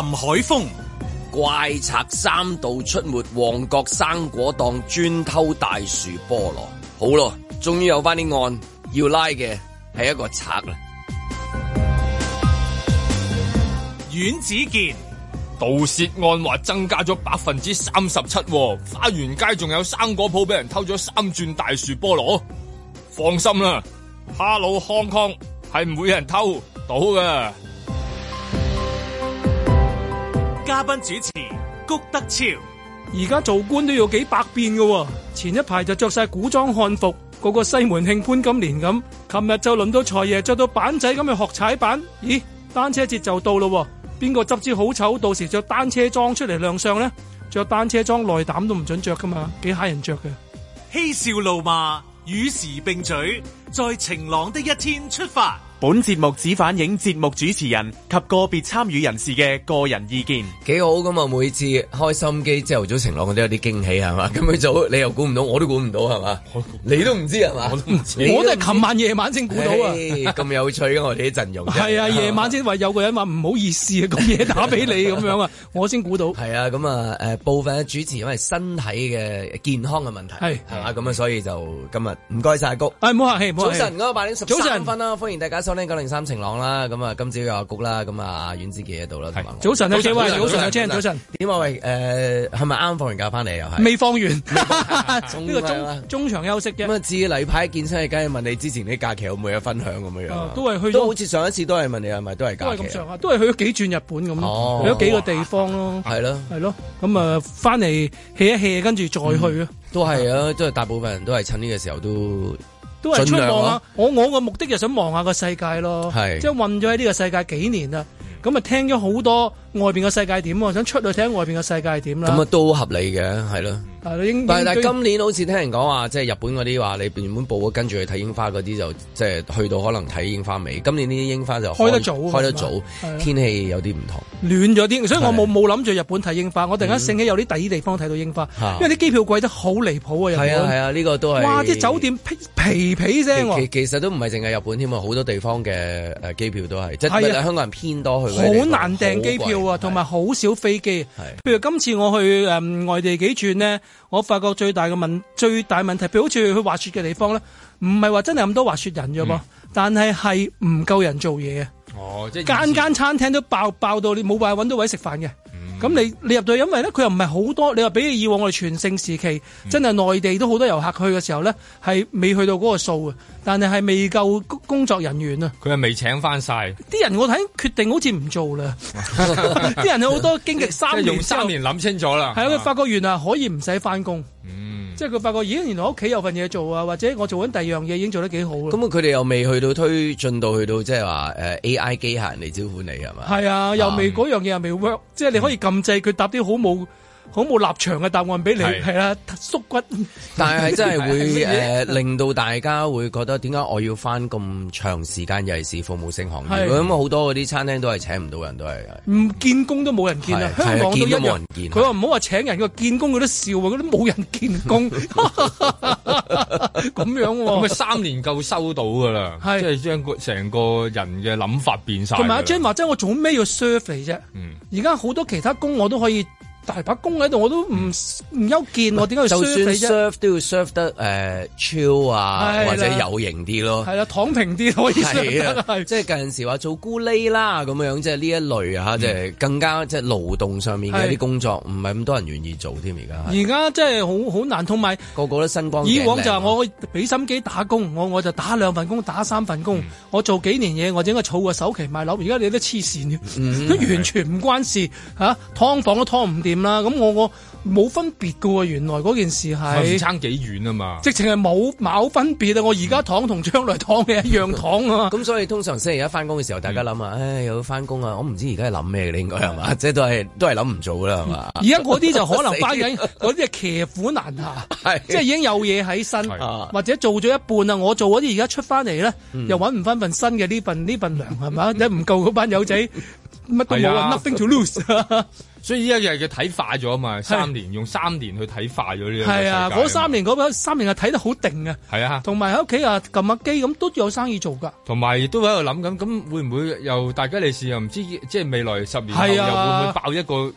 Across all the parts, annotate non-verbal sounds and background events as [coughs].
林海峰，怪賊三度出沒旺角生果檔，專偷大樹菠蘿。好咯，終於有翻啲案要拉嘅係一個賊啦。阮子健，盜竊案話增加咗百分之三十七，花園街仲有生果鋪俾人偷咗三轉大樹菠蘿。放心啦，哈佬康康係唔會有人偷到㗎。嘉賓主持谷德超，而家做官都要幾百變噶喎。前一排就着晒古裝漢服，個個西門慶潘金蓮咁。琴日，就輪到財爺着到板仔咁去學踩板。咦，單車節就到咯喎，邊個執支好醜？到時着單車裝出嚟亮相呢？着單車裝內膽都唔准着噶嘛，幾嚇人着嘅。嬉笑怒罵，與時並舉，在晴朗的一天出發。本節目只反映節目主持人及個別參與人士嘅個人意見。幾好咁啊！每次開心機朝頭早晴朗，我都有啲驚喜係嘛。咁早你又估唔到，我都估唔到係嘛。你都唔知係嘛？我都唔知。我都係琴晚夜晚先估到啊！咁、hey, 有趣㗎 [laughs] 我哋啲陣容。係啊，夜晚先話有個人話唔好意思啊，咁嘢打俾你咁 [laughs] 樣啊，我先估到。係啊，咁啊，誒，部分嘅主持人因為身體嘅健康嘅問題係，係嘛，咁啊，所以就今日唔該晒谷。哎、唔好客氣，早晨嗰個八點十分啦，歡迎大家。九零三晴朗啦，咁啊今朝又阿谷啦，咁啊阮子杰喺度啦，早晨早晨早晨早晨早晨，點啊喂？誒、呃，係咪啱放完假翻嚟又啊？未放完，呢 [laughs] 個中 [laughs] 中、中、中場休息嘅。咁啊，至於禮牌，健身嘅，梗係問你之前啲假期有冇嘢分享咁樣樣。都係去都好似上一次都係問你係咪都係假期都係去咗幾轉日本咁咯。哦，去咗幾個地方咯，係咯係咯。咁啊，翻嚟 hea 一 hea 跟住再去啊。都係啊，都係大部分人都係趁呢個時候都。都係出望啊。我我個目的就想望下個世界咯，即係混咗喺呢個世界幾年啦，咁啊聽咗好多外邊嘅世界點啊，我想出去睇外邊嘅世界點啦。咁啊都好合理嘅，係咯。但係今年好似聽人講話，即係日本嗰啲話你原本報跟住去睇櫻花嗰啲，就即係去到可能睇櫻花尾。今年啲櫻花就開，開得早，開得早，是是天氣有啲唔同，暖咗啲，所以我冇冇諗住日本睇櫻花。我突然間醒起有啲第二地方睇到櫻花，嗯、因為啲機票貴得好離譜啊！係啊係啊，呢、呢個都係哇！啲酒店皮皮聲，其其，其實都唔係淨係日本添，好多地方嘅誒機票都係即係香港人偏多去，好難訂機票啊，同埋好少飛機。譬如今次我去、呃、外地幾轉呢，我發覺最大嘅問最大問題，譬如好似去滑雪嘅地方咧，唔係話真係咁多滑雪人啫喎，嗯，但係係唔夠人做嘢啊！哦，即係間間餐廳都爆爆到，你冇辦法揾到位食飯嘅。咁、嗯、你你入到，因為咧佢又唔係好多。你話比以往我哋全盛時期，真係內地都好多遊客去嘅時候咧，係未去到嗰個數啊，但係係未夠工作人員啊。佢又未請翻晒啲人，我睇決定好似唔做啦。啲 [laughs] [laughs] 人有好多經歷三年用三年諗清楚啦。係啊，佢發覺原來可以唔使翻工。嗯。即係佢發覺，咦？原來我屋企有份嘢做啊，或者我做緊第二樣嘢已經做得幾好啦。咁佢哋又未去到推進到去到即係話 AI 機械人嚟招呼你係嘛？係啊，又未嗰、um, 樣嘢又未 work，即係你可以撳掣，佢答啲好冇。好冇立場嘅答案俾你，係啦、啊、縮骨。 [laughs] 但係真係會誒、呃，令到大家會覺得點解我要翻咁長時間？尤其是服務性行業，咁好多嗰啲餐廳都係請唔到人都係唔見工都冇人見啊！香港、啊、見都一樣，佢話唔好話請人，個見工佢都笑，佢都冇人見工咁 [laughs] [laughs] 樣喎、啊。咁咪三年夠收到噶啦，即係將成個人嘅諗法變晒。同埋阿 j a 真，我做咩要 serve 你啫？嗯，而家好多其他工我都可以。大把工喺度，我都唔唔休見我點解去 s 就算 serve 都要 serve 得誒超、呃、啊，或者有型啲咯，係啦，躺平啲可以 s e 即係近陣時話做咕 u 啦咁樣即係呢一類啊，即、嗯、係、就是、更加即係、就是、勞動上面嘅啲工作，唔係咁多人願意做添而家。而家即係好好難，同埋個個都新光。以往就係我俾心機打工，我、嗯、我就打兩份工，打兩份工，打三份工、嗯，我做幾年嘢，我整個儲個首期賣樓。而家你都黐線嘅，都完全唔關事、嗯、啊，劏房都劏唔掂。咁、嗯、我我冇分別噶喎，原來嗰件事係差幾遠啊嘛，直情係冇冇分別、嗯、啊！我而家躺同將來躺嘅一樣躺啊！咁所以通常星期一翻工嘅時候，大家諗啊，唉又要翻工啊！我唔知而家諗咩，你應該係嘛？即係都係都係諗唔做啦，係、嗯、嘛？而家嗰啲就可能，嗰啲係騎虎難下，即 [laughs] 係已經有嘢喺身，或者做咗一半啦。我做嗰啲而家出翻嚟咧，又揾唔翻份新嘅呢份呢份糧係嘛？你唔 [laughs] 夠嗰班友仔乜都冇啊！Nothing to lose。 [laughs] 所以依家就係要睇化咗啊嘛，三年、啊、用三年去睇化咗呢？係啊，嗰三年嗰個三年係睇、那個、得好定嘅，係啊。同埋喺屋企啊，撳下機咁都有生意做噶。同埋亦都喺度諗緊咁，咁會唔會又大吉利是又唔知？即係未來十年、啊、又會唔會爆一個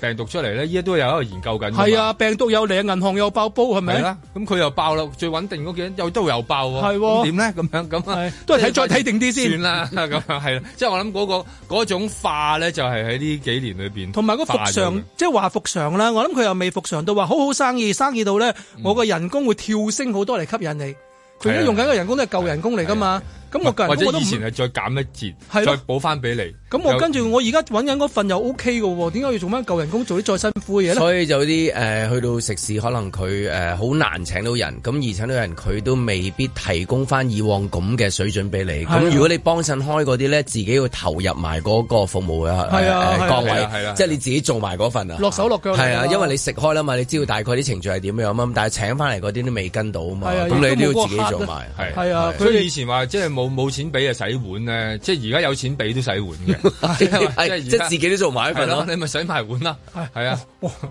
病毒出嚟呢？依家都有喺度研究緊。係啊，病毒又嚟，銀行又爆煲，係咪？咁佢、啊、又爆啦，最穩定嗰幾，又都有爆喎。係喎、啊，點咧？咁樣咁、啊，都係睇再睇定啲先。算啦，咁樣係。即、就、係、是、我諗嗰、那個嗰種化咧，就係喺呢幾年裏邊，同埋常即係話復常啦，我諗佢又未復常到話好好生意，生意到咧，我個人工會跳升好多嚟，吸引你。佢都用緊個人工都係舊人工嚟㗎嘛。咁我個人或者以前係再減一折，再補翻俾你。咁我跟住我而家揾緊嗰份又 OK 噶喎，點解要做翻舊人工做啲再辛苦嘅嘢？所以就啲誒、呃、去到食肆，可能佢誒好難請到人，咁而請到人佢都未必提供翻以往咁嘅水準俾你。咁如果你幫襯開嗰啲咧，自己要投入埋嗰個服務嘅各啊位，即係、就是、你自己做埋嗰份啊。落手落腳係啊，因為你食開啦嘛，你知道大概啲程序係點樣啊嘛。但係請翻嚟嗰啲都未跟到啊嘛，咁你都要自己做埋係啊。佢以，以前話即係冇。就是冇錢俾就洗碗咧，即係而家有錢俾都洗碗嘅 [laughs] [laughs] 即係是現 [laughs] 自己都做埋一份咯，啊。你咪洗埋碗啦，係啊！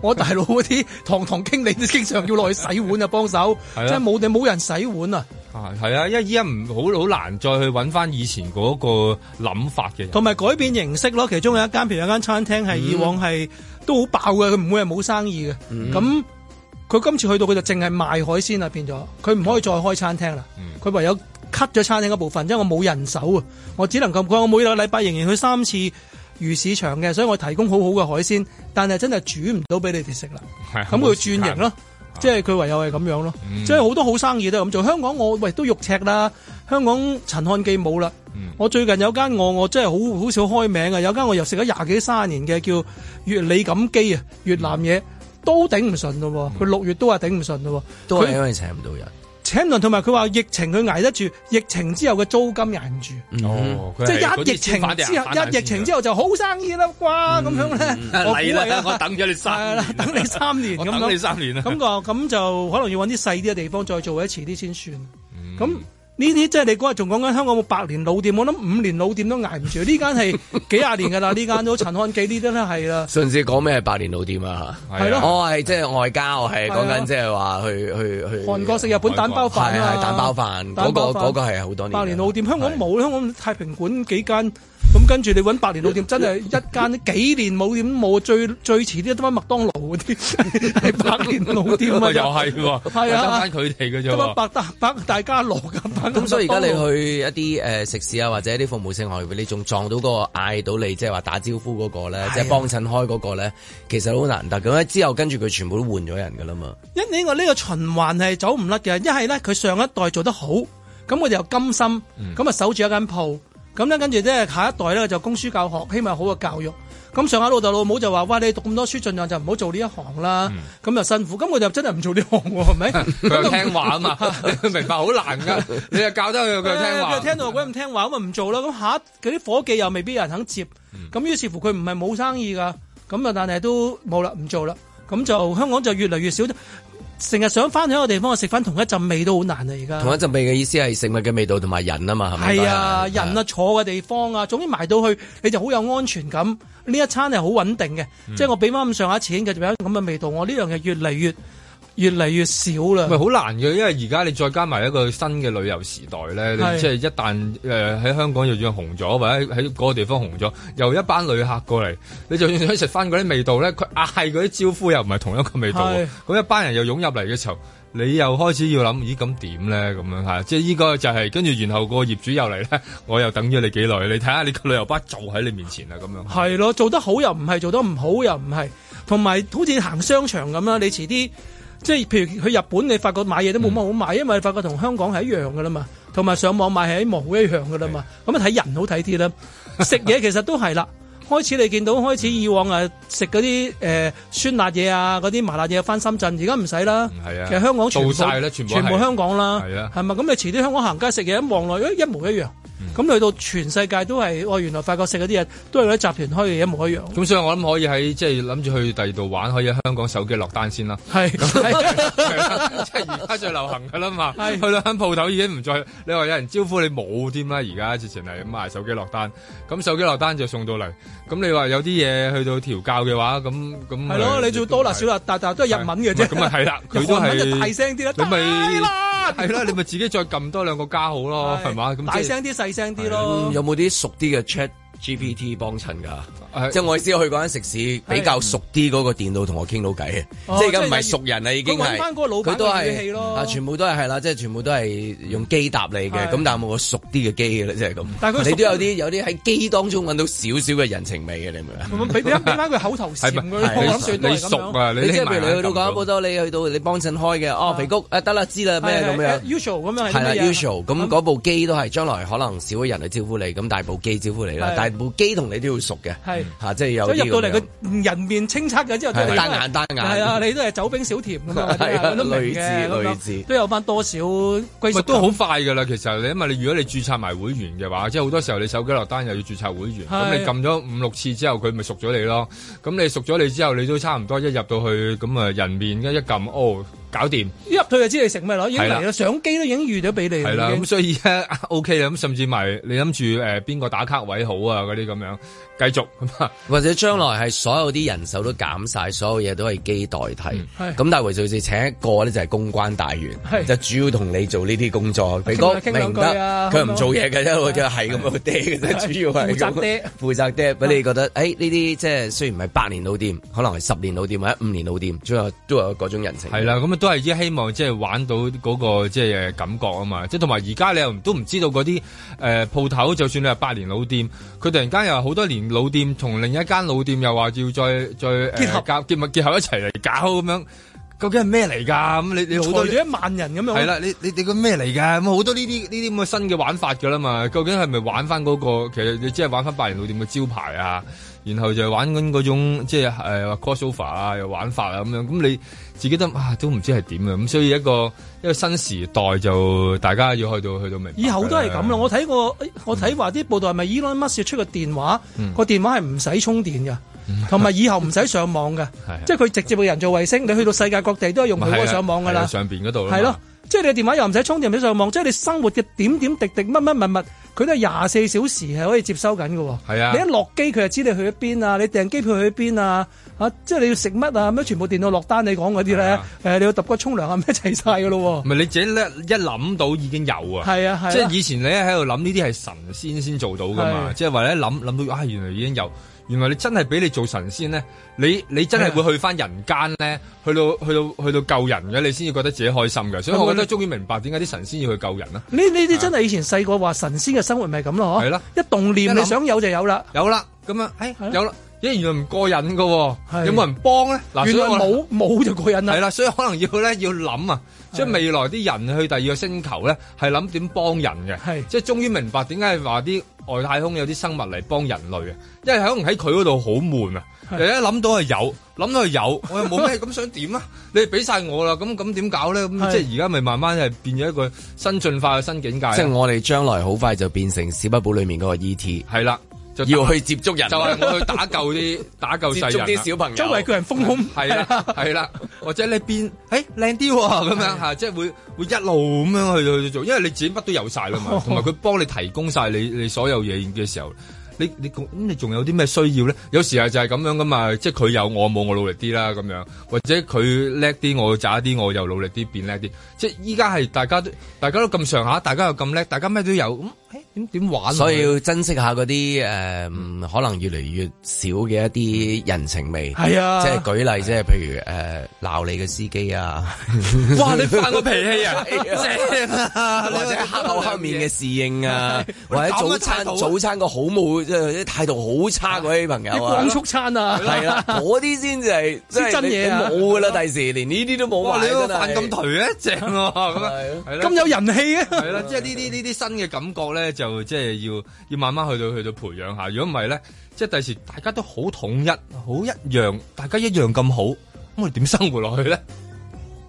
我大佬嗰啲堂堂經理都經常要落去洗碗啊，幫手。即係冇冇人洗碗啊。係啊，因為依家唔好好難再去搵翻以前嗰個諗法嘅，同埋改變形式咯。其中有一間，譬如有間餐廳係以往係都好爆嘅，佢、嗯、唔會係冇生意嘅。咁、嗯、佢今次去到佢就淨係賣海鮮啊，變咗佢唔可以再開餐廳啦。佢、嗯、唯有。cut 咗餐廳嘅部分，因為我冇人手啊，我只能夠講我每個禮拜仍然去三次魚市場嘅，所以我提供好好嘅海鮮，但係真係煮唔到俾你哋食啦。咁 [laughs] 佢轉型咯，即係佢唯有係咁樣咯。即係好多好生意都係咁做。香港我喂都肉赤啦，香港陳漢記冇啦。我最近有間我我真係好好少開名啊，有間我又食咗廿幾三十年嘅叫越李錦記啊，越南嘢、嗯、都頂唔順喎，佢六月都係頂唔順咯，都、嗯、係因為請唔到人。t e l o n 同埋佢話疫情佢捱得住，疫情之後嘅租金捱唔住，即係一疫情之後，一疫情之後就好生意啦，哇、嗯！咁樣咧，嚟、嗯、啦，我等咗你三年、啊，等你三年咁 [laughs] 等你三年啦，咁個咁就， [laughs] 就可能要搵啲細啲嘅地方再做一遲啲先算，咁、嗯。呢啲即係你嗰日仲講緊香港冇百年老店，我諗五年老店都捱唔住。呢間係幾廿年㗎啦，呢間都陳漢記呢啲都係啦。上次講咩係百年老店啊？係咯，我係即係外交，係講緊即係話去去去。韓國食日本蛋包飯啊！蛋包飯嗰個嗰個係好多年。百年老店香港冇，香港太平館幾間。咁跟住你揾百年老店， [laughs] 真係一間幾年冇店冇，最最遲啲都翻麥當勞嗰啲係百年老店啊！又係，係啊，得翻佢哋嘅啫。咁啊，百大百大家樂咁品。咁、啊、所以而家你去一啲誒、呃、食肆啊，或者啲服務性行業，你仲撞到個嗌到你即係話打招呼嗰、那個咧，即係幫襯開嗰個咧、那個，其實好難得。咁之後跟住佢全部都換咗人噶啦嘛。因為我呢個循環係走唔甩嘅，一係咧佢上一代做得好，咁我哋又甘心，咁啊、嗯、守住一間鋪。咁咧，跟住咧，下一代咧就供書教學，希望好嘅教育。咁上下老豆老母就話：哇，你讀咁多書，盡量就唔好做呢一行啦。咁、嗯、又辛苦，咁我就真係唔做呢行，啊，係咪？佢 [laughs] 聽話啊嘛， [laughs] [laughs] 明白好難噶。你又教得佢佢聽話，佢，哎、聽到鬼咁聽話，咁咪唔做啦。咁下一嗰啲伙計又未必有人肯接。咁、嗯、於是乎佢唔係冇生意噶，咁啊，但係都冇啦，唔做啦。咁就香港就越嚟越少。成日想翻去一個地方食翻同一陣味都好難啊！而家同一陣味嘅意思係食物嘅味道同埋人啊嘛，係咪？係啊，人啊，坐嘅地方啊，總之埋到去你就好有安全感，呢一餐係好穩定嘅、嗯，即係我俾翻咁上下錢嘅仲有咁嘅味道。我呢樣嘢越嚟越～越嚟越少啦，咪好難嘅，因為而家你再加埋一個新嘅旅遊時代咧，你即係一旦誒喺、呃、香港又轉紅咗，或者喺個地方紅咗，又一班旅客過嚟，你就想食翻嗰啲味道咧，佢嗌嗰啲招呼又唔係同一個味道，咁一班人又湧入嚟嘅時候，你又開始要諗，咦咁點咧？咁樣嚇，即係依個就係跟住，然後個業主又嚟咧，我又等咗你幾耐，你睇下你個旅遊巴就喺你面前啊，咁樣。係咯，做得好又唔係，做得唔好又唔係，同埋好似行商場咁樣，你遲啲。即係譬如去日本，你發覺買嘢都冇乜好買，嗯、因為你發覺同香港係一樣噶啦嘛，同埋上網買係一模一樣噶啦嘛，咁啊睇人好睇啲啦，食嘢其實都係啦。 [laughs] 開始你見到開始以往啊食嗰啲誒酸辣嘢啊，嗰啲麻辣嘢翻深圳，而家唔使啦。係啊，其實香港做晒啦，全部香港啦。係啊，係咪咁你遲啲香港行街食嘢一望落，誒一模一樣。咁、嗯、去到全世界都係，我、哦、原來發覺食嗰啲嘢都係喺集團開嘅一模一樣。咁、嗯、所以我諗可以喺即係諗住去第二度玩，可以喺香港手機落單先啦。係，即係而家最流行噶啦嘛。去到間鋪頭已經唔再你話有人招呼你冇添啦。而家直情係咁手機落單，咁手機落單就送到嚟。咁你話有啲嘢去到調教嘅話，咁咁係咯，你做多啦少啦大大大，但但都係日文嘅啫。咁咪係啦，佢、就是、都係大聲啲啦。 [laughs] 你咪係啦，你咪自己再撳多兩個加號咯，係嘛？咁、就是、大聲啲，細聲啲咯。有冇啲熟啲嘅 chat？GPT 幫襯㗎，即係我意思去嗰間食肆比較熟啲嗰個電腦同我傾到偈，即而家唔係熟人啦，已經係佢都係、嗯、全部都係係啦，即、係、全部都係用機搭你嘅，咁但冇個熟啲嘅機啦，即係咁、係。但你都有啲有啲喺機當中揾到少少嘅人情味嘅，你明唔明？佢口頭禪 [laughs] 你，你熟啊，你，你即譬如你去到嗰間你去到你幫襯開嘅，哦、啊，肥谷，得、啊、啦，知啦咩咁樣？Usual 咁樣 Usual 嗰部機都係將來可能少人嚟招呼你，咁但部機招呼你啦，部機同你都要熟嘅，係吓、啊、即係有入到嚟，佢人面清測嘅之後，單眼單眼，係啊，你都係走冰小甜咁樣，都類似都類似，都有翻，多少都好快噶啦，其實你，因為你如果你注冊埋會員嘅話，即係好多時候你手機落單又要注冊會員，咁你撳咗五六次之後，佢咪熟咗你咯。咁你熟咗你之後，你都差唔多一入到去，咁啊人面一撳 a、哦搞掂，一入去就知你食咩咯，已經嚟啦，相機，都已經預咗俾你。係啦，咁所以咧，OK 啦，咁甚至埋、就是、你諗住誒邊個打卡位好啊嗰啲咁樣。繼續 [laughs] 或者將來係所有啲人手都減晒，所有嘢都係機代替。咁、嗯、但係韋兆仕請一個呢，就係公關大員，嗯、就主要同你做呢啲工作。哥明、啊、得？佢唔做嘢嘅啫，佢就係咁個爹嘅啫，主要係負責爹。負責爹，你覺得？誒、嗯，呢啲即係雖然唔係百年老店，嗯、可能係十年老店或者五年老店，最後都有嗰種人情、啊。係啦，咁都係依希望即係、就是、玩到嗰、那個即係、就是、感覺啊嘛。即係同埋而家你又都唔知道嗰啲誒鋪頭，就算你係百年老店，佢突然間又好多年。老店同另一間老店又話要再再、呃、結合結合一齊嚟搞咁樣，究竟係咩嚟㗎？咁你你好多你一萬人咁樣係啦，你你你個咩嚟㗎？咁好多呢啲呢啲咁嘅新嘅玩法㗎啦嘛？究竟係咪玩返、那、嗰個？其實你只係玩返百年老店嘅招牌啊！然後就玩緊嗰種，即係誒 cross over 啊，又、呃、玩法啊咁樣，咁你自己都啊都唔知係點嘅。咁所以一個一個新時代就大家要去到去到未？以後都係咁咯，我睇過我睇話啲報道，係咪 Elon Musk 出個電話，嗯，那個電話係唔使充電嘅，同、嗯、埋以後唔使上網嘅、 [laughs] 啊，即係佢直接嘅人造衛星，你去到世界各地都係用佢嗰個上網噶啦、啊啊，上面邊嗰度係咯。即係你電話又唔使充電，唔使上網，即係你生活嘅點點滴滴乜乜物物，佢都係廿四小時係可以接收緊嘅。係啊，你一落機佢就知你去咗邊啊，啊、呃、啊，你訂機票去邊啊，吓，即係你要食乜啊，咁全部電腦落單，你講嗰啲咧，誒，你要揼骨、沖涼啊，咩齊晒噶咯？唔係你自己咧一諗到已經有啊，係啊，即係以前你喺度諗呢啲係神仙先做到噶嘛，啊、即係話咧諗諗到啊，原來已經有。原來你真係俾你做神仙咧，你你真係會去翻人間咧，去到去到去到救人嘅，你先至覺得自己開心嘅。所以我覺得終於明白點解啲神仙要去救人啦。呢呢啲真係以前細個話神仙嘅生活咪咁咯，係係啦，一動念一想你想有就有啦。有啦，咁啊，哎，有啦，因為原來唔過癮噶，有冇人幫咧？原來冇冇就過癮啦。係啦，所以可能要咧要諗啊。即係未來啲人去第二個星球咧，係諗點幫人嘅，即係終於明白點解話啲外太空有啲生物嚟幫人類啊！因為可能喺佢嗰度好悶啊，第一諗到係有，諗到係有，我又冇咩咁想點啊？你俾晒我啦，咁咁點搞咧？咁即係而家咪慢慢係變咗一個新進化嘅新境界。即係我哋將來好快就變成史匹堡裏面嗰個 E.T. 係啦。就要去接觸人，就係、是、我去打救啲 [laughs] 打救接觸啲小朋友，周圍個人豐胸，係啦係啦， [laughs] [laughs] 或者你變誒靚啲咁樣即係會會一路咁樣去去做，因為你自己乜都有晒啦嘛，同埋佢幫你提供晒你你所有嘢嘅時候，你你咁你仲有啲咩需要咧？有時係就係咁樣噶嘛，即係佢有我冇，我努力啲啦咁樣，或者佢叻啲，我渣啲，我又努力啲變叻啲，即係依家係大家都大家都咁上下，大家又咁叻，大家咩都有咁。嗯點點玩、啊？所以要珍惜一下嗰啲誒，可能越嚟越少嘅一啲人情味。係 [noise] 啊，即、就、係、是、舉例，即係譬如誒鬧、呃、你嘅司機啊。哇！你發個脾氣啊正 [laughs] 啊，啊！或者黑口黑面嘅侍應啊是，或者早餐、啊、早餐個好冇，即係態度好差嗰啲朋友啊，啊，光速餐啊，係啦、啊，嗰啲先至係真嘢冇噶啦。第、啊、時連呢啲都冇啊！你個飯咁頹啊正啊咁、啊啊啊啊啊、有人氣啊！係啦、啊，即係呢啲呢啲新嘅感覺咧。咧，就即係要要慢慢去到去到培養下。如果唔係咧，即係第時大家都好統一，好一樣，大家一樣咁好，咁我哋點生活落去咧？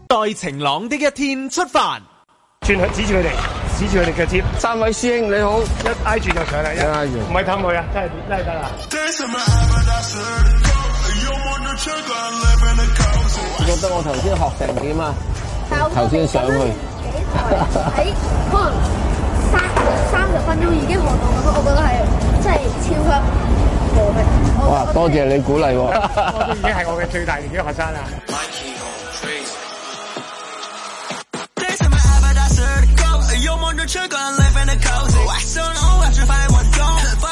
在晴朗的一天出發，轉去指住佢哋，指住佢哋嘅接。三位師兄你好，一挨住就上嚟，一挨住，唔係氹佢啊，真係真係得啦。你覺得我頭先學成點啊？頭先上去幾台？喺。三十分鐘已經學到咁，我覺得係真係超級無力。哇！多謝你鼓勵， [laughs] 我已經係我嘅最大嘅學生啦。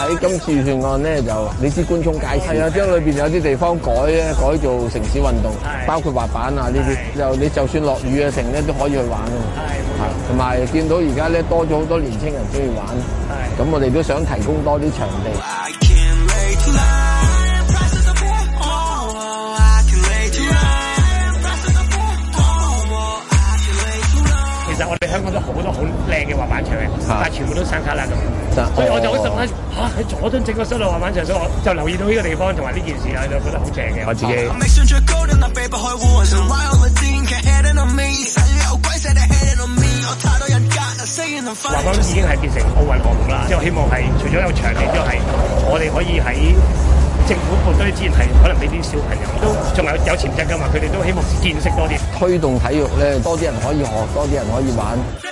喺今次預算案咧，就你知官涌街市係啊，將裏邊有啲地方改咧，改做城市運動，包括滑板啊呢啲，就你就算落雨嘅成咧，都可以去玩嘅。係，同埋見到而家咧多咗好多年青人中意玩，係，咁我哋都想提供多啲場地。其實我哋香港都好多好靚。滑板場嘅，但係全部都山卡罅啦咁，所以我就好想睇嚇喺佐敦整個室度滑板場，所以我就留意到呢個地方同埋呢件事啊，就覺得好正嘅。我自己。滑板已經係變成奧運項目啦，即我希望係除咗有場地之外，係我哋可以喺政府部啲之前，係可能俾啲小朋友都仲有有潛質噶嘛，佢哋都希望見識多啲，推動體育咧，多啲人可以學，多啲人可以玩。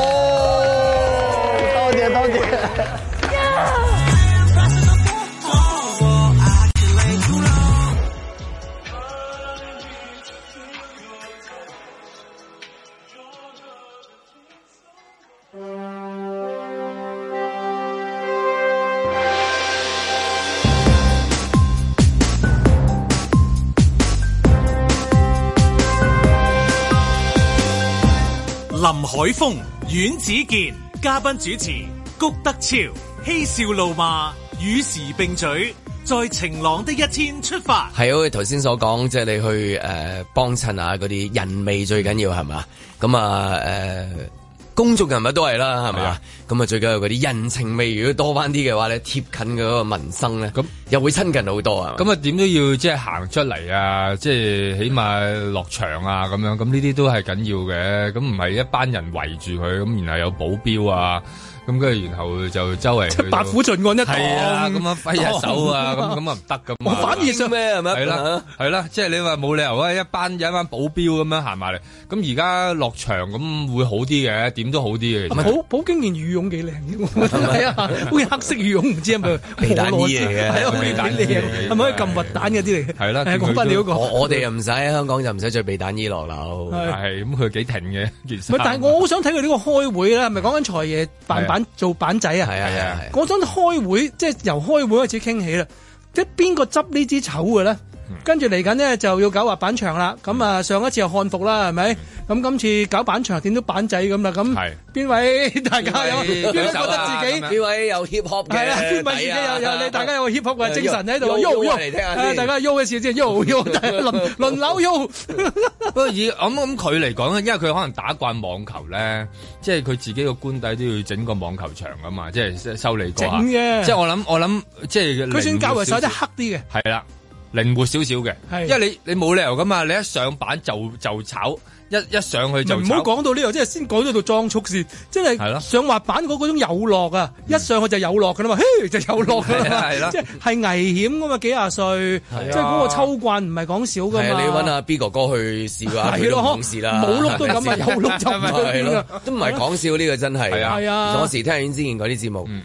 林海峰、阮子健嘉賓主持，谷德超嬉笑怒罵，與時並舉，在晴朗的一天出發。係啊，頭先所講即係你去誒幫襯啊，嗰、呃、啲人味最緊要係嘛，咁啊誒。公眾人物都係啦，係咪啊？咁啊，最緊要嗰啲人情味，如果多翻啲嘅話咧，貼近嘅嗰個民生咧，又會親近好多啊！咁啊，點都要即係行出嚟啊，即係起碼落場啊，咁樣，咁呢啲都係緊要嘅。咁唔係一班人圍住佢，咁然後有保鏢啊。咁跟住，然後就周圍八府巡按一啊咁樣，樣揮下手啊，咁、哦、咁啊唔得咁。我反意上咩係咪？係啦、啊，係啦、啊，即係你話冇理由啊！一班一班，一班保鏢咁樣行埋嚟，咁而家落場咁、嗯、會好啲嘅，點都好啲嘅。保保警件羽絨幾靚嘅喎，係啊，好似、 [laughs] 啊、黑色羽絨，絨，唔知係咪避彈衣嚟、啊、嘅？係係咪啲核彈嗰啲嚟？係啦，講翻你嗰個，我哋又唔使香港就唔使着避彈衣落樓，係咁佢幾停嘅。唔係，但係我好想睇佢呢個開會啦，係咪講緊財爺？板做板仔係啊，係啊，嗰陣、啊啊、開會即係由開會開始傾起啦，即邊個執呢支籌嘅咧？跟住嚟緊呢，就要搞滑板場啦，咁、嗯、啊、嗯、上一次係漢服啦，係咪？咁今次搞板場，點都板仔咁啦？咁邊位大家有邊位，、啊、位覺得自己？邊、啊、位有 hip hop 嘅？邊、啊啊、位自己有，、啊、有你大家有 hip hop 嘅精神喺度？喐喐大家喐一、啊、事先，喐喐， [laughs] 輪輪流喐。不過 [laughs] 以咁咁佢嚟講因為佢可能打慣網球咧，即係佢自己個官邸都要整個網球場啊嘛，即係修修嚟整嘅，即係我諗，我諗即係佢算較為細，即黑啲嘅。係啦。靈活少少嘅，因為你你冇理由噶嘛，你一上板就就炒，一一上去就唔好講到呢、這、度、個，即係先講到度裝束先，即係上滑板嗰嗰種有落啊、嗯，一上去就有落噶啦嘛，嘿就有落噶啦，即係危險噶嘛，幾廿歲、啊，即係嗰個秋慣唔係講笑噶嘛，啊、你搵阿 B 哥哥去試下，冇事啦，冇碌都咁，啊、有碌 [laughs] 就咁、啊，都唔係講笑呢、這個真係，係啊，啊我時聽完之前啲節目。嗯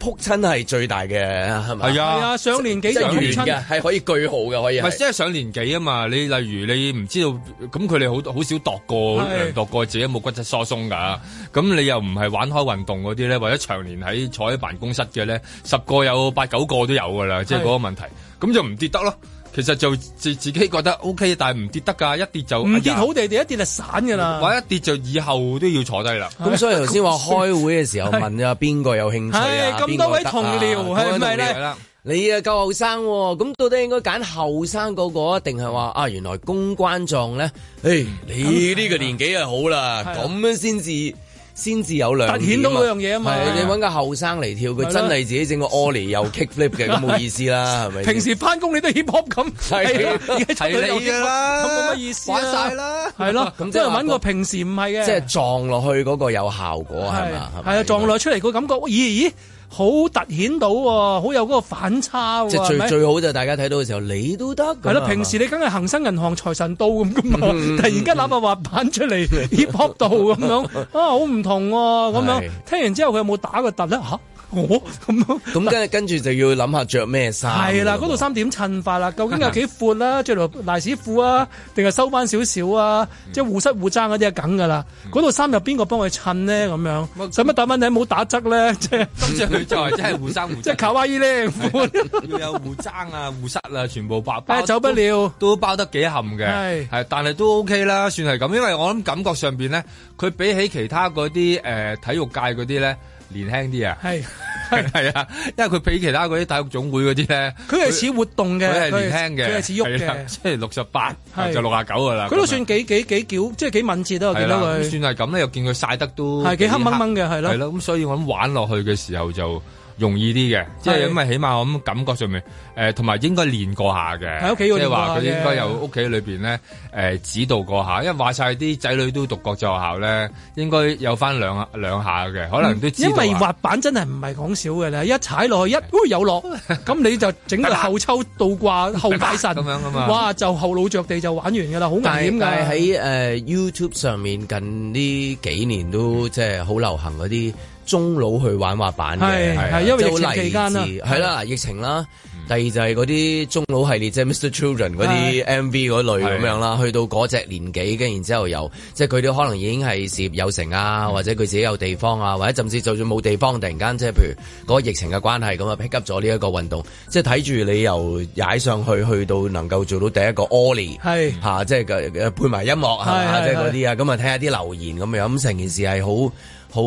撲親係最大嘅，係咪？係啊，係啊，上年幾長年嘅係可以句號嘅，可以是。唔係即係上年幾啊嘛？你例如你唔知道咁佢哋好好少度過度過自己冇骨質疏鬆㗎。咁你又唔係玩開運動嗰啲咧，或者長年喺坐喺辦公室嘅咧，十個有八九個都有㗎啦。即係嗰個問題，咁就唔跌得咯。其實就自自己覺得 O、OK, K，但係唔跌得噶，一跌就、哎、跌好地地，一跌就散噶啦。話一跌就以後都要坐低啦。咁所以頭先話開會嘅時候問啊，邊個有興趣？咁多位同僚係咪咧？你啊夠後生、啊，咁到底應該揀後生個個、啊，定係話啊原來公關狀咧？誒、欸嗯，你呢個年紀係好啦，咁樣先至。先至有兩，突顯到嗰樣嘢啊嘛！係你揾個後生嚟跳，佢真係自己整個 Ollie 又 kick flip 嘅，咁冇意思啦，係 [laughs] 咪？平時翻工你都 hip hop 咁，係你，而家係你嘅啦，咁冇乜意思、啊，玩晒啦，係咯，咁即係揾、嗰個平時唔係嘅，即係撞落去嗰個有效果係咪？係啊，撞落出嚟個感覺，咦咦。好突顯到喎，好有嗰個反差喎。即最是是最好就大家睇到嘅時候，你都得係啦。平時你梗係恒生銀行財神到咁噶嘛， [laughs] 突然間攬下滑板出嚟，hip hop 到咁樣啊，好唔同喎、啊、咁樣。聽完之後佢有冇打個突咧嚇？我咁咯，咁、嗯嗯、跟住跟住就要諗下著咩衫？係啦，嗰套衫點襯法啦、啊？究竟有幾闊啦、啊？著條賴屎褲啊，定係收翻少少啊？嗯、即係護膝護踭嗰啲係梗㗎啦。嗰套衫又邊個幫佢襯呢？咁樣使乜打蚊你冇打側咧，即係跟住佢在，真係護膝護膝。即係卡哇伊咧， [laughs] [laughs] [laughs] 要有護踭啊、護膝啊全部包。 [laughs] 走不了，都，都包得幾冚嘅。係但係都 OK 啦，算係咁，因為我諗感覺上面咧，佢比起其他嗰啲誒體育界嗰啲咧。年輕啲啊，係係啊， [laughs] 因為佢比其他嗰啲體育總會嗰啲咧，佢係似活動嘅，佢係年輕嘅，佢係似喐嘅，即係六十八就六廿九噶啦，佢都算幾幾幾矯，即係幾敏捷都有見到佢算係咁咧，又見佢曬得都係幾黑掹掹嘅，係咯，係咯，咁所以我諗玩落去嘅時候就。容易啲嘅，即係因為起碼我咁感覺上面，誒、呃，同埋應該練過下嘅，即係話佢應該由屋企裏邊咧，誒、呃，指導過下。因為話晒啲仔女都讀國際學校咧，應該有翻兩兩下嘅，可能都知下。因為滑板真係唔係講笑嘅咧，一踩落去一、哦，有落，咁 [laughs] 你就整個後抽倒掛後擺晒咁 [laughs] 樣咁嘛，哇，就後腦着地就玩完噶啦，好危險噶。喺誒、uh, YouTube 上面近呢幾年都即係好流行嗰啲。中老去玩滑板嘅，係，因係，即係好勵志。係啦，疫情啦，第二就係嗰啲中老系列，是即係 Mr. Children 嗰啲 MV 嗰類咁樣啦。去到嗰隻年紀，跟住然後之後又，即係佢哋可能已經係事業有成啊，或者佢自己有地方啊，或者甚至就算冇地方，突然間即係譬如嗰個疫情嘅關係，咁啊，pick up 咗呢一個運動。即係睇住你由踩上去，去到能夠做到第一個 ollie，係吓，即係嘅配埋音樂即係嗰啲啊，咁啊，睇、就是、下啲留言咁樣，咁成件事係好。好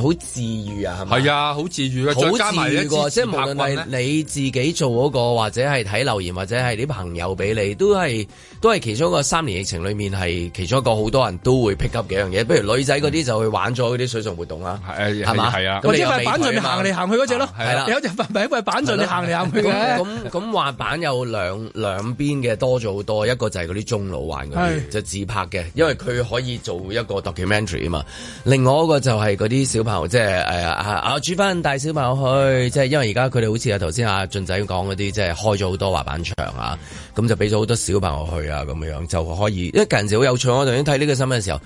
好治愈啊，係咪？係啊，好治愈啊！再加埋一個，即係無論係你自己做嗰個，或者係睇留言，或者係啲朋友俾你，都係都係其中一個三年疫情裏面係其中一個好多人都會 pick up 嘅樣嘢。不如女仔嗰啲就去玩咗嗰啲水上活動啊，係嘛？係啊，或者塊板上面行嚟行去嗰隻咯，係啦，有隻塊唔板上你行嚟行去咁咁滑板有兩兩邊嘅多咗好多，一個就係嗰啲中老玩嗰就自拍嘅，因為佢可以做一個 documentary 啊嘛。另外一個就係。係嗰啲小朋友，即係誒啊啊，煮翻帶小朋友去，即係因為而家佢哋好似啊，啊，頭先阿俊仔講嗰啲，即係開咗好多滑板場啊，咁就俾咗好多小朋友去啊，咁樣就可以，因為近陣時好有趣，我頭先睇呢個新聞嘅時候，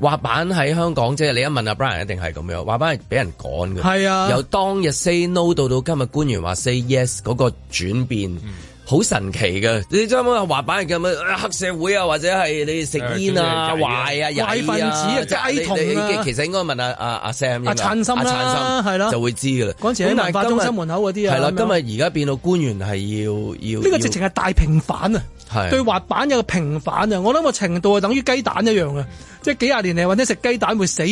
滑板喺香港，即係你一問阿、啊、Brian 一定係咁樣，滑板係俾人趕嘅，係啊，由當日 say no 到到今日官員話 say yes 嗰個轉變。嗯好神奇㗎，你將嗰個滑板係咁啊，黑社會啊，或者係你食煙啊，啊是是、壞啊、分子啊，街啊街啊其實應該問下阿阿 Sam 阿燦、啊、心啦、啊，係咯，就會知㗎啦。嗰時喺文化中心門口嗰啲啊，係啦、啊，今日而家變到官員係要要，呢、呢個直情係大平反啊！啊、對滑板有個平反啊！我諗個程度係等於雞蛋一樣啊。即係幾廿年嚟，或者食雞蛋會死，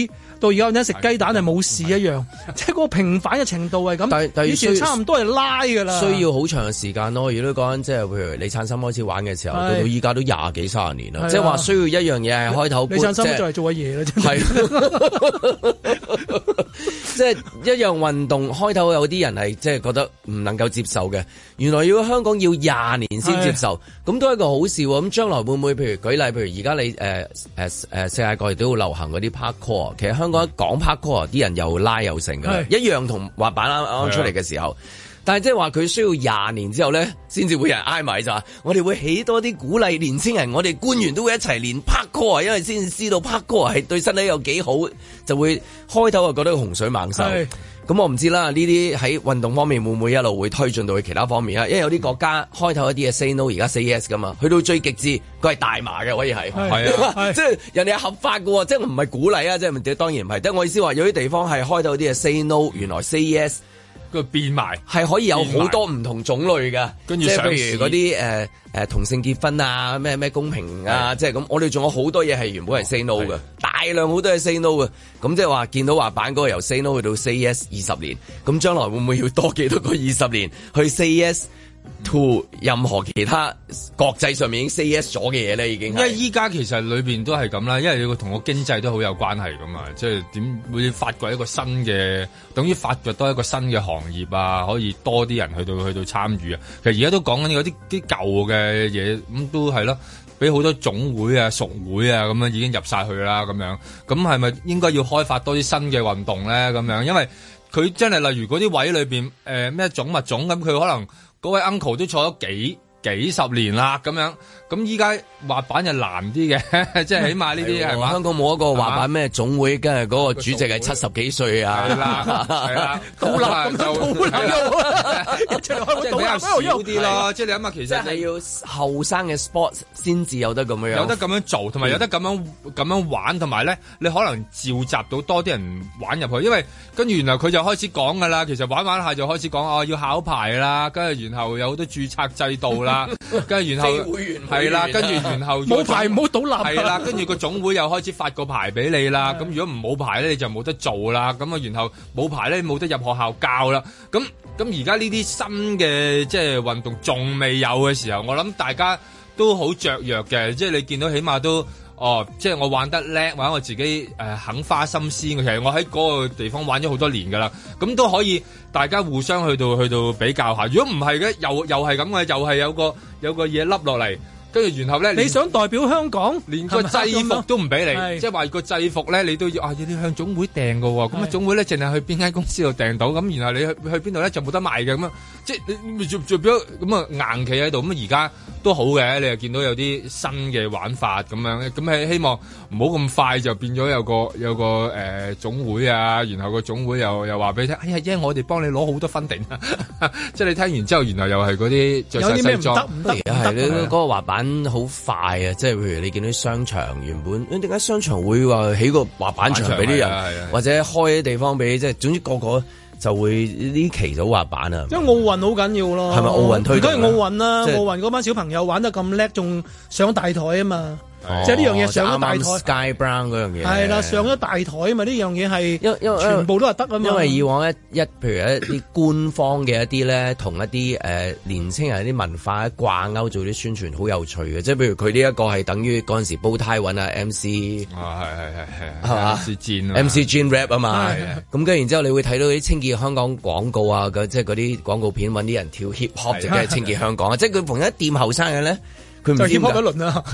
到而家或者食雞蛋係冇事一樣，對即係個平反嘅程度係咁。但係，但係，差唔多係拉噶啦。需要好長嘅時間咯。如果講緊即係譬如李燦森開始玩嘅時候，啊、到到而家都廿幾卅年啦。啊、即係話需要一樣嘢係開頭。李燦森再係做嘢啦，即、就、係、是。即係、啊就是啊、 [laughs] [laughs] 一樣運動，開頭有啲人係即係覺得唔能夠接受嘅，原來要香港要廿年先接受，咁、啊、都。一個好事喎，咁將來會唔會？譬如舉例，譬如而家你誒誒誒，世界各地都會流行嗰啲 parkour，其實香港講 parkour，啲人又拉又成噶，一樣同滑板啱啱出嚟嘅時候。但係即係話佢需要廿年之後咧，先至會有人挨埋就咋。我哋會起多啲鼓勵年青人，我哋官員都會一齊練 parkour，因為先知道 parkour 係對身體有幾好，就會開頭就覺得洪水猛獸。咁、嗯、我唔知啦，呢啲喺運動方面會唔會一路會推進到去其他方面啦？因為有啲國家開頭一啲嘢 say no，而家 say yes 噶嘛，去到最極致佢係大麻嘅可以係，係啊，即 [laughs] 係、啊、人哋係合法喎，即係唔係鼓勵啊？即係當然唔係，即係我意思話有啲地方係開頭啲嘢 say no，原來 say yes。佢變埋係可以有好多唔同種類嘅，賣跟住即係譬如嗰啲誒誒同性結婚啊，咩咩公平啊，對 即係咁。我哋仲有好多嘢係原本係 say no 嘅，對 大量好多嘢 say no 嘅。咁即係話見到滑板嗰個由 say no 去到 say yes 二十年，咁將來會唔會要多幾多個二十年去 say yes? to 任何其他國際上面已經 CS 咗嘅嘢咧，已經。因為依家其實裏邊都係咁啦，因為佢同個經濟都好有關係噶嘛，即係點會發掘一個新嘅，等於發掘多一個新嘅行業啊，可以多啲人去到去到參與啊。其實而家都講緊嗰啲啲舊嘅嘢，咁都係咯，俾好多總會啊、屬會啊咁樣已經入晒去啦，咁樣。咁係咪應該要開發多啲新嘅運動咧？咁樣，因為佢真係例如嗰啲位裏邊，誒、呃、咩種物種咁，佢可能。嗰位 uncle 都坐咗幾幾十年啦，咁樣。咁依家滑板就難啲嘅，即、嗯、係起碼呢啲係香港冇一個滑板咩總會，跟住嗰個主席係七十幾歲啊！係啦，係啦，倒 [laughs] 立咁 [laughs] 就即係 [laughs] 比較少啲啦即係你諗下，其實係、即係即係、要後生嘅 sports 先至有得咁樣，有得咁樣做，同埋有,有得咁樣咁、嗯、樣玩，同埋咧你可能召集到多啲人玩入去，因為跟住原來佢就開始講噶啦。其實玩玩下就開始講哦，要考牌啦，跟住然後有好多註冊制度啦，跟 [laughs] 住然後 [laughs] 會員係。係啦，跟住然後冇牌唔好倒立係啦，跟住個總會又開始發個牌俾你啦。咁如果唔冇牌咧，你就冇得做啦。咁啊，然後冇牌咧，你冇得入學校教啦。咁咁而家呢啲新嘅即係運動仲未有嘅時候，我諗大家都好雀躍嘅。即係你見到起碼都哦，即係我玩得叻，或者我自己誒，肯花心思。其實我喺嗰個地方玩咗好多年噶啦，咁都可以大家互相去到去到比較下。如果唔係嘅，又又係咁嘅，又係有個有個嘢凹落嚟。跟住然後咧，你想代表香港，連個制服都唔俾你，是是即係話個制服咧，你都要啊要你向總會訂嘅喎、哦，咁啊總會咧淨係去邊間公司度訂到，咁然後你去去邊度咧就冇得賣嘅，咁啊，即係你咪著表咁啊硬企喺度，咁啊而家都好嘅，你又見到有啲新嘅玩法咁樣，咁係希望唔好咁快就變咗有個有個誒、呃、總會啊，然後個總會又又話俾你聽哎呀我哋幫你攞好多分定啊，即係你聽完之後，然後又係嗰啲著曬西裝，有得、啊、嗰個滑板。好快啊！即係譬如你見到商場原本，誒，點解商場會話起個滑板場俾啲人場，或者開啲地方俾，即係總之個個就會呢期早滑板啊！因為奧運好緊要咯，係咪奧運推？當然奧運啦，奧運嗰班小朋友玩得咁叻，仲上大台啊嘛。哦、即係呢樣嘢上咗大台，Sky Brown 嗰樣嘢，係啦，上咗大台啊嘛！呢樣嘢係，因為全部都係得啊嘛。因為以往一一譬如，一啲官方嘅一啲咧，同 [coughs] 一啲誒、呃、年青人，啲文化掛勾做啲宣傳，好有趣嘅。即係譬如佢呢一個係、嗯、等於嗰陣時煲呔，揾啊 MC，MC Jin Rap 啊嘛，咁跟住然之後你會睇到啲清潔香港廣告啊，即係嗰啲廣告片搵啲人跳 hip hop 即係清潔香港啊，即係佢逢一掂後生嘅咧。佢唔 heat pop 一輪啦，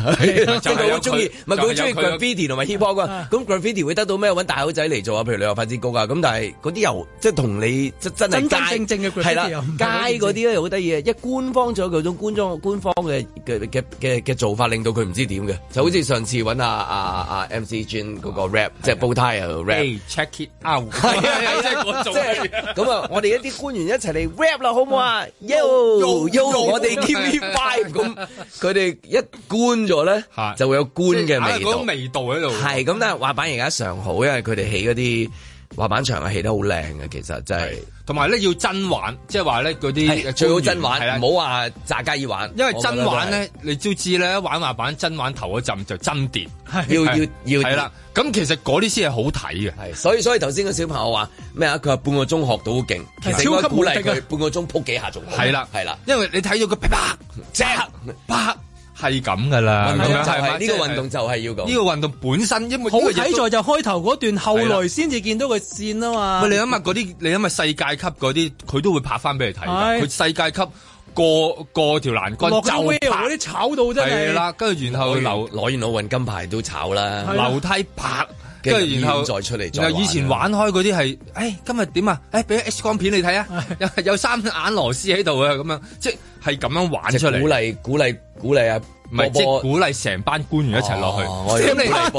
即係好中意，唔係佢中意 graffiti 同埋 hip hop 啊，咁 graffiti 會得到咩？揾大口仔嚟做啊，譬如旅遊發展局啊，咁但係嗰啲又即係同你真真係街係啦，街嗰啲咧好得意啊！一官方咗佢種官方官方嘅嘅嘅嘅嘅做法，令到佢唔知點嘅，就好似上次揾阿阿阿 MC Jin 嗰個 rap，即係煲呔啊 rap，check it out，係啊，即係我做咁啊！我哋一啲官員一齊嚟 rap 啦，好唔好啊？Yo yo 我哋 TVB 咁佢。一官咗咧，就會有官嘅味道。那個、味道喺度，係咁。但係滑板而家尚好，因為佢哋起嗰啲滑板場係起得好靚嘅。其實真、就、係、是，同埋咧要真玩，即係話咧嗰啲最好真玩，唔好話詐假意玩。因為真玩咧、就是，你都知咧，玩滑板真玩頭嗰陣就真跌，要要要係啦。咁其實嗰啲先係好睇嘅。係，所以所以頭先個小朋友話咩啊？佢話半個鐘學到好勁，其實應該鼓勵佢半個鐘撲幾下仲係啦，係啦。因為你睇到佢啪啪啪啪。啪啪啪啪係咁㗎喇，就係、是、呢、這個運動就係要咁、就是。呢、就是這個運動本身，因為好睇在就開頭嗰段，後來先至見到個線啊嘛。你諗下嗰啲，你諗下世界級嗰啲，佢都會拍返俾你睇。佢世界級過，過條欄杆就拍，嗰啲炒到真係。係啦，跟住然後攞攞完奧運金牌都炒啦，樓梯拍。跟住然後再出嚟，仲有以前玩開嗰啲係誒今日點啊？哎，俾 X 光片你睇啊！有有三眼螺絲喺度啊！咁樣即係咁樣玩出嚟、就是，鼓勵鼓勵鼓勵啊！唔係即係鼓勵成班官員一齊落去，成班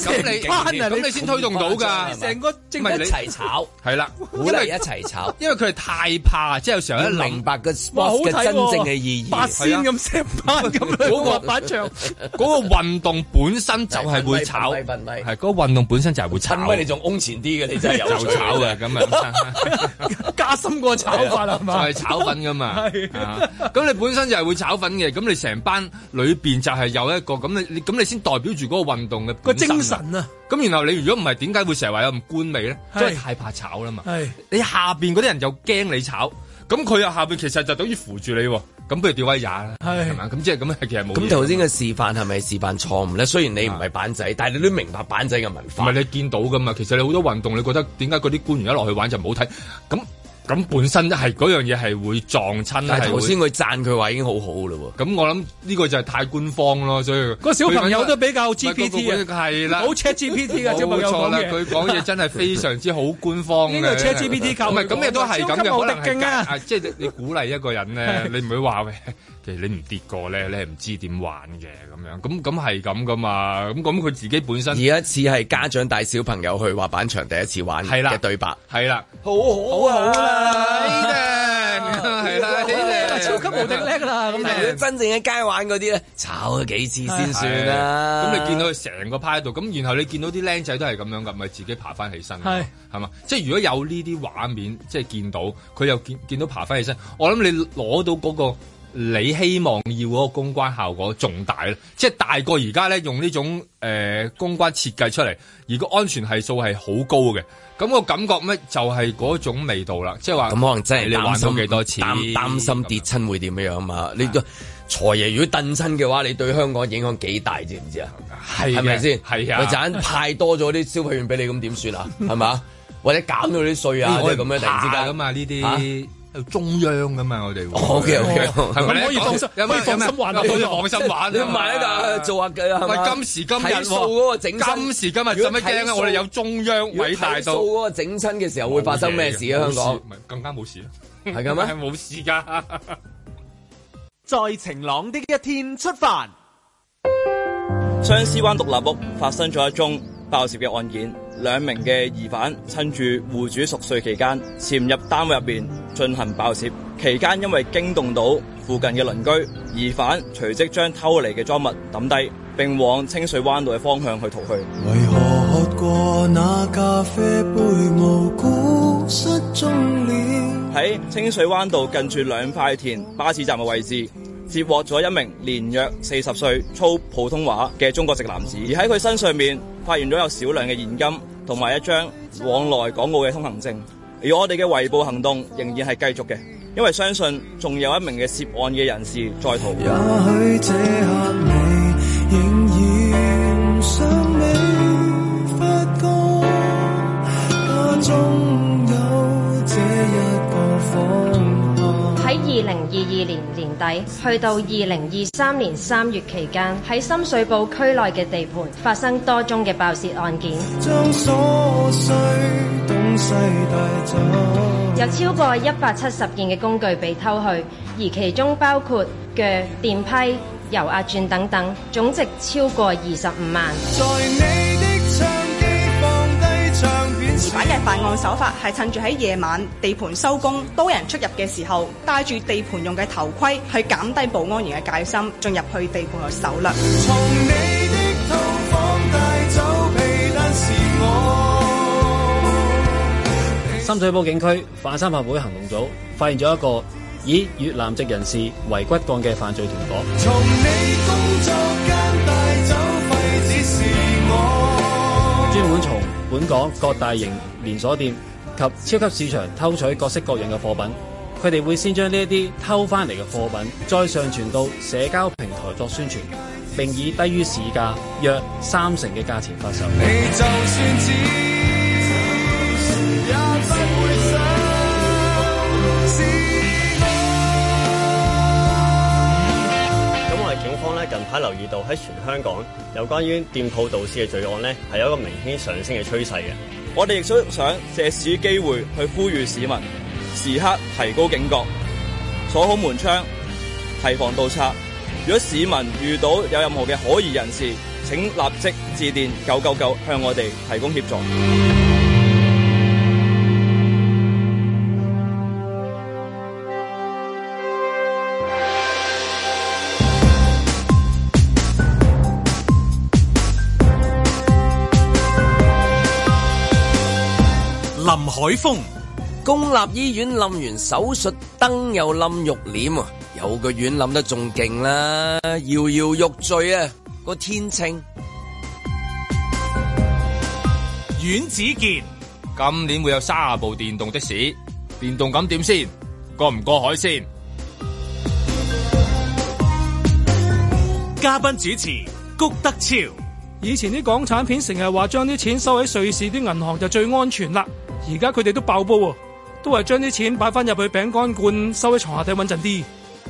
咁你咁你先推動到㗎，成個政、就係、一齊炒，係 [laughs] 啦，鼓勵一齊炒， [laughs] 因為佢哋太怕，即係有時候一明白個 spot 嘅真正嘅意義，八仙咁成班咁嗰個板場，嗰 [laughs] [laughs] [laughs] 個運動本身就係會炒，係 [laughs] 嗰、嗰個運動本身就係會炒，因為、嗰個、你仲嗡前啲㗎，你真係有趣，就炒㗎。咁啊，加深個炒法，係 [laughs] 就係、係、炒粉㗎嘛，咁你本身就係會炒粉嘅，咁你成班。裏邊就係有一個咁你咁你先代表住嗰個運動嘅個精神啊！咁然後你如果唔係，點解會成日話有咁官味咧？即係太怕炒啦嘛！你下邊嗰啲人又驚你炒，咁佢又下邊其實就等於扶住你，咁不如掉威廿啦，係嘛？咁即係咁，就是、其實冇。咁頭先嘅示範係咪示範錯誤咧？雖然你唔係板仔，但係你都明白板仔嘅文化。唔係你見到噶嘛？其實你好多運動，你覺得點解嗰啲官員一落去玩就唔好睇咁？咁本身都係嗰樣嘢係會撞親，但係頭先佢讚佢話已經好好咯喎。咁我諗呢個就係太官方咯，所以個小朋友都比較 GPT 啊，係啦，那個、好 ChatGPT 嘅小朋友佢講嘢真係非常之好官方 c h 嘅，扯、這個、GPT。唔係咁嘅都係咁嘅，即係、啊就是、你鼓勵一個人咧， [laughs] 你唔會話喂，其實你唔跌過咧，你唔知點玩嘅咁樣。咁咁係咁噶嘛，咁咁佢自己本身而一次係家長帶小朋友去滑板場第一次玩嘅對白，係啦，好好啊！好啊係啦、係啦，好叻啦，超級無敵叻啦咁。但係真正喺街玩嗰啲咧，炒咗幾次先算啦。咁你見到佢成個派喺度，咁然後你見到啲僆仔都係咁樣噶，咪自己爬翻起身。係係嘛，即係如果有呢啲畫面，即係見到佢又見見到爬翻起身，我諗你攞到嗰個。你希望要嗰個公關效果仲大咧，即係大過而家咧用呢種誒、呃、公關設計出嚟，如果安全係數係好高嘅。咁、那、我、個、感覺咩就係嗰種味道啦，即係話咁可能真係你擔咗幾多次，擔擔，擔心跌親會點樣啊嘛？你個財爺如果燉親嘅話，你對香港影響幾大知唔知啊，係咪先？係啊，就陣 [laughs] 派多咗啲消費券俾你，咁點算啊？係 [laughs] 嘛？或者減咗啲稅啊？可以咁樣突然之間咁啊？呢啲。中央咁嘛，我哋。好、oh, 嘅、okay, okay.，好嘅。係咪？可以放心？ [laughs] 可以放心玩啊？我 [laughs] 哋放心玩、啊，唔係，咧就做下計係咪？唔今時今日喎，今時今日做乜驚啊？今今我哋有中央偉大到，如果嗰個整親嘅時候，會發生咩事啊？事香港更加冇事咯，係咁咩？冇事噶。在晴朗一的一天出發，相、嗯、思灣獨立屋發生咗一宗爆竊嘅案件。兩名嘅疑犯趁住戶主熟睡期間，潛入單位入邊進行爆竊。期間因為驚動到附近嘅鄰居，疑犯隨即將偷嚟嘅贓物抌低，並往清水灣道嘅方向去逃去。喺清水灣道近住兩塊田巴士站嘅位置，接獲咗一名年約四十歲、操普通話嘅中國籍男子，而喺佢身上面發現咗有少量嘅現金。同埋一張往來港澳嘅通行證，而我哋嘅圍捕行動仍然係繼續嘅，因為相信仲有一名嘅涉案嘅人士在逃。也喺二零二二年年底去到二零二三年三月期間，喺深水埗區內嘅地盤發生多宗嘅爆竊案件，將所需東西帶走。有超過一百七十件嘅工具被偷去，而其中包括鋸、電批、油壓鑽等等，總值超過二十五萬。而疑犯嘅犯案手法係趁住喺夜晚地盤收工、多人出入嘅時候，戴住地盤用嘅頭盔去減低保安員嘅戒心，進入去地盤搜掠。深水埗警區反三合會行動組發現咗一個以越南籍人士為骨幹嘅犯罪團伙，專門從你工作間帶走。本港各大型連鎖店及超級市場偷取各式各樣嘅貨品，佢哋會先將呢一啲偷翻嚟嘅貨品再上傳到社交平台作宣傳，並以低於市價約三成嘅價錢發售。喺留意到喺全香港有關於店鋪盜竊嘅罪案咧，係有一個明顯上升嘅趨勢嘅。我哋亦都想借此機會去呼籲市民，時刻提高警覺，鎖好門窗，提防盜賊。如果市民遇到有任何嘅可疑人士，請立即致電九九九，向我哋提供協助。海風公立醫院冧完手術燈又冧肉簾啊！有個院冧得仲勁啦，搖搖欲墜啊！個天秤阮子健今年會有三部電動的士，電動咁點先過唔過海先？嘉賓主持谷德潮，以前啲港產片成日話將啲錢收喺瑞士啲銀行就最安全啦。而家佢哋都爆煲啊，都話將啲錢擺翻入去餅乾罐，收喺床下底穩陣啲。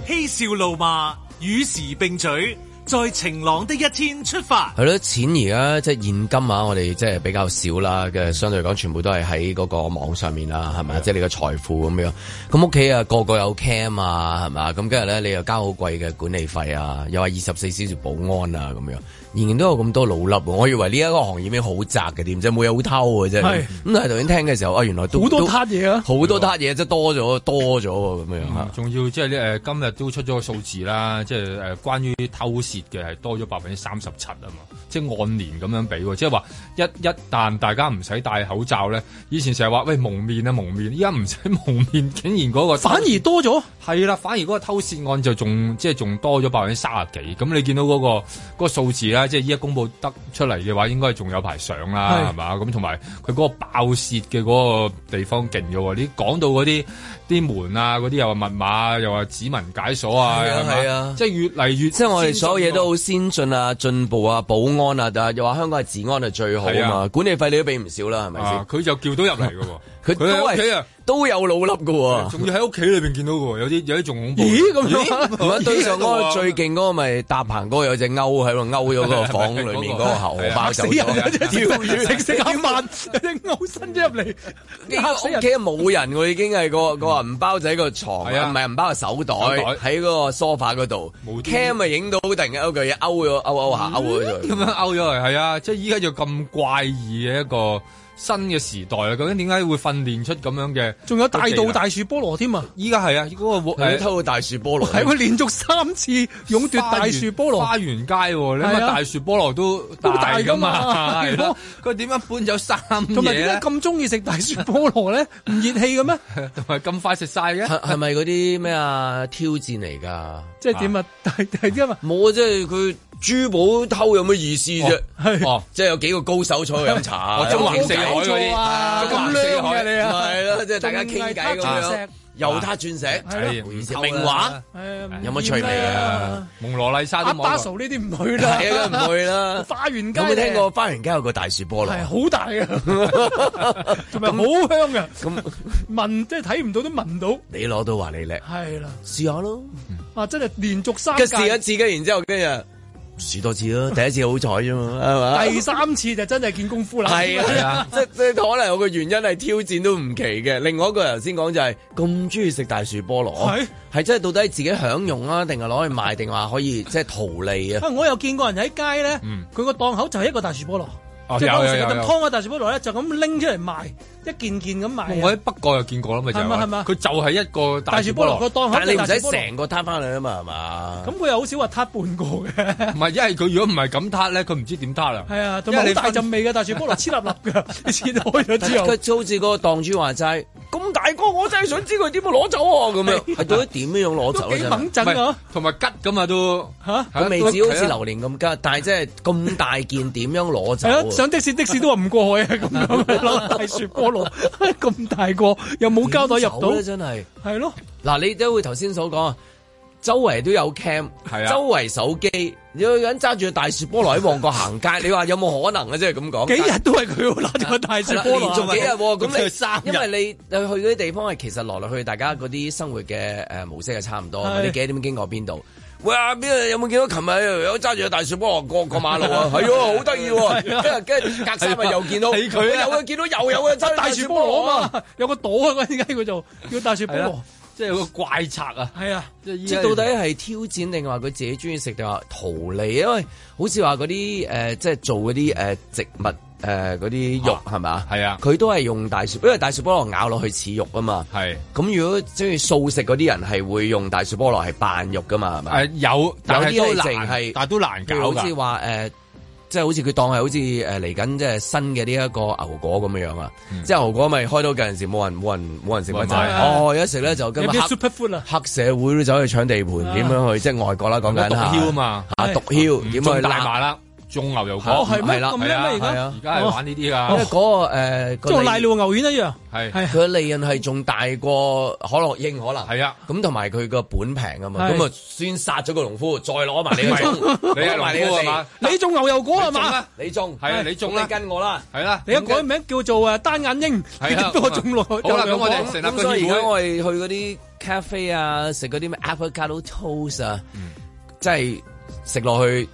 嬉笑怒罵與時並舉，在晴朗的一天出發。係咯， [music] 錢而家即係現金啊，我哋即係比較少啦。嘅相對嚟講，全部都係喺嗰個網上面啦，係咪？即係、就是、你嘅財富咁樣。咁屋企啊，個個有 cam 啊，係咪？咁今日咧，你又交好貴嘅管理費啊，又話二十四小時保安啊，咁樣。年年都有咁多老粒，我以為呢一個行業咧好窄嘅，點知冇有好偷嘅啫。咁係頭先聽嘅時候，啊原來都好多攤嘢啊，好多攤嘢即係多咗，多咗咁、嗯、樣仲要即係咧，誒、就是呃、今日都出咗個數字啦，就是呃、即係誒關於偷竊嘅係多咗百分之三十七啊嘛，即係按年咁樣比，即係話一一旦大家唔使戴口罩咧，以前成日話喂蒙面啊蒙面，依家唔使蒙面，竟然嗰、那個反而多咗，係啦，反而嗰個偷竊案就仲即係仲多咗百分之三十幾，咁你見到嗰、那個嗰、那個數、那個、字咧？即係依家公佈得出嚟嘅話，應該仲有排上啦，係嘛？咁同埋佢嗰個爆竊嘅嗰個地方勁嘅喎，你講到嗰啲啲門啊，嗰啲又話密碼，又話指紋解鎖啊，係啊，啊，即係越嚟越，即係我哋所有嘢都好先進啊，進步啊，保安啊，又話香港係治安係最好啊嘛，管理費你都俾唔少啦，係咪先？佢、啊、就叫到入嚟㗎喎，佢 [laughs] 都係。都有腦粒嘅、啊，仲要喺屋企裏邊見到嘅，有啲有啲仲恐怖。咦咁樣？對上嗰個最勁嗰個咪搭棚嗰個有隻勾喺度勾咗個房裏面嗰個荷包走咗， [laughs] 跳住食 [laughs] 死一萬隻勾伸咗入嚟。依家屋企冇人嘅，已經係個個話唔包仔 [laughs] 個床，唔係唔包個手袋喺嗰個 sofa 嗰度。cam 咪影到突然間勾佢勾咗勾勾下勾咁樣勾咗嚟，係啊，即係依家就咁怪異嘅一個。新嘅時代啊！究竟點解會訓練出咁樣嘅？仲有大道大樹菠蘿添啊！依家係啊，嗰、嗰個誒、欸、偷嘅大樹菠蘿，係、欸、會、欸、連續三次勇奪大樹菠蘿花園街，你、嗯、咪、啊、大樹菠蘿都大㗎嘛？係佢點樣搬走三？同埋點解咁中意食大樹菠蘿咧？唔 [laughs] 熱氣嘅咩？同埋咁快食晒嘅？係咪嗰啲咩啊挑戰嚟㗎？即係點啊？就是、大啲吖嘛？冇， [laughs] 即係佢。珠寶偷有咩意思啫？即、哦、係、哦就是、有幾個高手坐喺度飲茶，縱橫四海嗰啲，縱橫四啊！四你係、啊、咯，即係、就是、大家傾偈咁樣。猶太鑽石係，名、啊啊、有乜趣味啊？蒙羅麗莎啲阿巴數呢啲唔去啦，係啊，唔去啦。花 [laughs] 園街有冇聽過花園街有個大樹菠蘿？係 [laughs] 好大嘅，同埋好香嘅、啊。咁聞即係睇唔到，都聞到。你攞到話你叻係啦，試下咯。啊，真係連續三屆試一次嘅，然之後今日。試多次咯，第一次好彩啫嘛，係 [laughs] 嘛是吧？ [laughs] 第三次就真係見功夫啦，係啊，即即、啊、 [laughs] 可能有個原因係挑戰都唔奇嘅。另外一個人先講就係咁中意食大樹菠蘿，係真即係到底自己享用啊，定係攞去賣，定話可以即係逃利啊？啊我又見過人喺街咧，佢個檔口就係一個大樹菠蘿，即係有食一啖湯嘅大樹菠蘿咧，就咁、是、拎出嚟賣。一件件咁買、啊、我喺北角又見過啦，咪就係。佢就係一個大，雪波大樹菠蘿，但你唔使成個攤翻嚟啊嘛，係嘛？咁佢又好少話攤半個嘅。唔係，因為佢如果唔係咁攤咧，佢唔知點攤啦。係啊，同埋你大陣味嘅大樹菠蘿黐立立㗎，你切開咗之後，佢好似個檔主話齋，咁大哥我真係想知佢點攞走喎、啊、咁樣，係佢點樣攞走、啊啊？都幾猛震啊，同埋吉㗎嘛都嚇，個味、啊 okay、好似榴槤咁吉， [laughs] 但係即係咁大件點樣攞走、啊？上、啊、的士的士都話唔過去啊，咁樣 [laughs] 大樹 [laughs] 咁 [laughs] 大個又冇膠袋入到真係係咯。嗱，你都會頭先所講啊，周圍都有 cam，係啊，周圍手機，有有人揸住個大樹菠蘿喺旺角行街，你話有冇可能啊？即係咁講，幾日都係佢攞住個大樹菠蘿，仲、啊啊、幾日、啊？咁你因為你去嗰啲地方係其實來來去大家嗰啲生活嘅誒模式係差唔多，啲、啊、幾點經過邊度？喂，哇！邊有冇見到琴日有揸住個大樹菠蘿過過馬路啊？係喎、啊，好得意喎！跟跟住隔曬咪又見到，有、啊啊、見到，又，見到又有揸大樹菠蘿啊！嘛，有個朵啊！點解叫做？叫大樹菠蘿？即係有個怪賊啊！係啊！即到底係挑戰定話佢自己中意食定話逃離？因為好似話嗰啲誒，即係做嗰啲誒植物。誒嗰啲肉係咪啊？係啊，佢、啊、都係用大樹，因為大樹菠蘿咬落去似肉啊嘛。係咁，如果中意素食嗰啲人係會用大樹菠蘿係扮肉㗎嘛？係、呃、有，有啲都難係，但都難搞。呃就是、好似話誒，即係好似佢當係好似誒嚟緊，即係新嘅呢一個牛果咁嘅樣啊、嗯！即係牛果咪開到近陣時冇人冇人冇人食乜就哦，一食咧就跟黑、啊、社會走去搶地盤，點、啊、樣去即係外國啦講緊嚇。㖏嘛、啊、毒梟點去大麻啦？種牛油果，係、哦、啦，咁樣咩而家？而家係玩呢啲噶。嗰、哦哦那個誒，做、呃、瀨尿牛丸一樣。係係。佢嘅利潤係仲大過可樂英可能。係啊。咁同埋佢個本平啊嘛。咁啊，先殺咗個農夫，再攞埋你，你，你、啊。你攞你。你種牛油果係嘛？你種，係你種、啊、你，、啊你，啊、你跟我啦，係啦、啊。你，你啊，改名叫做誒單眼英，係都多種落去。好啦，咁我哋成立個協會。咁所以而家我哋去嗰啲 cafe 啊，食嗰啲咩 avocado toast 啊，即係食落去。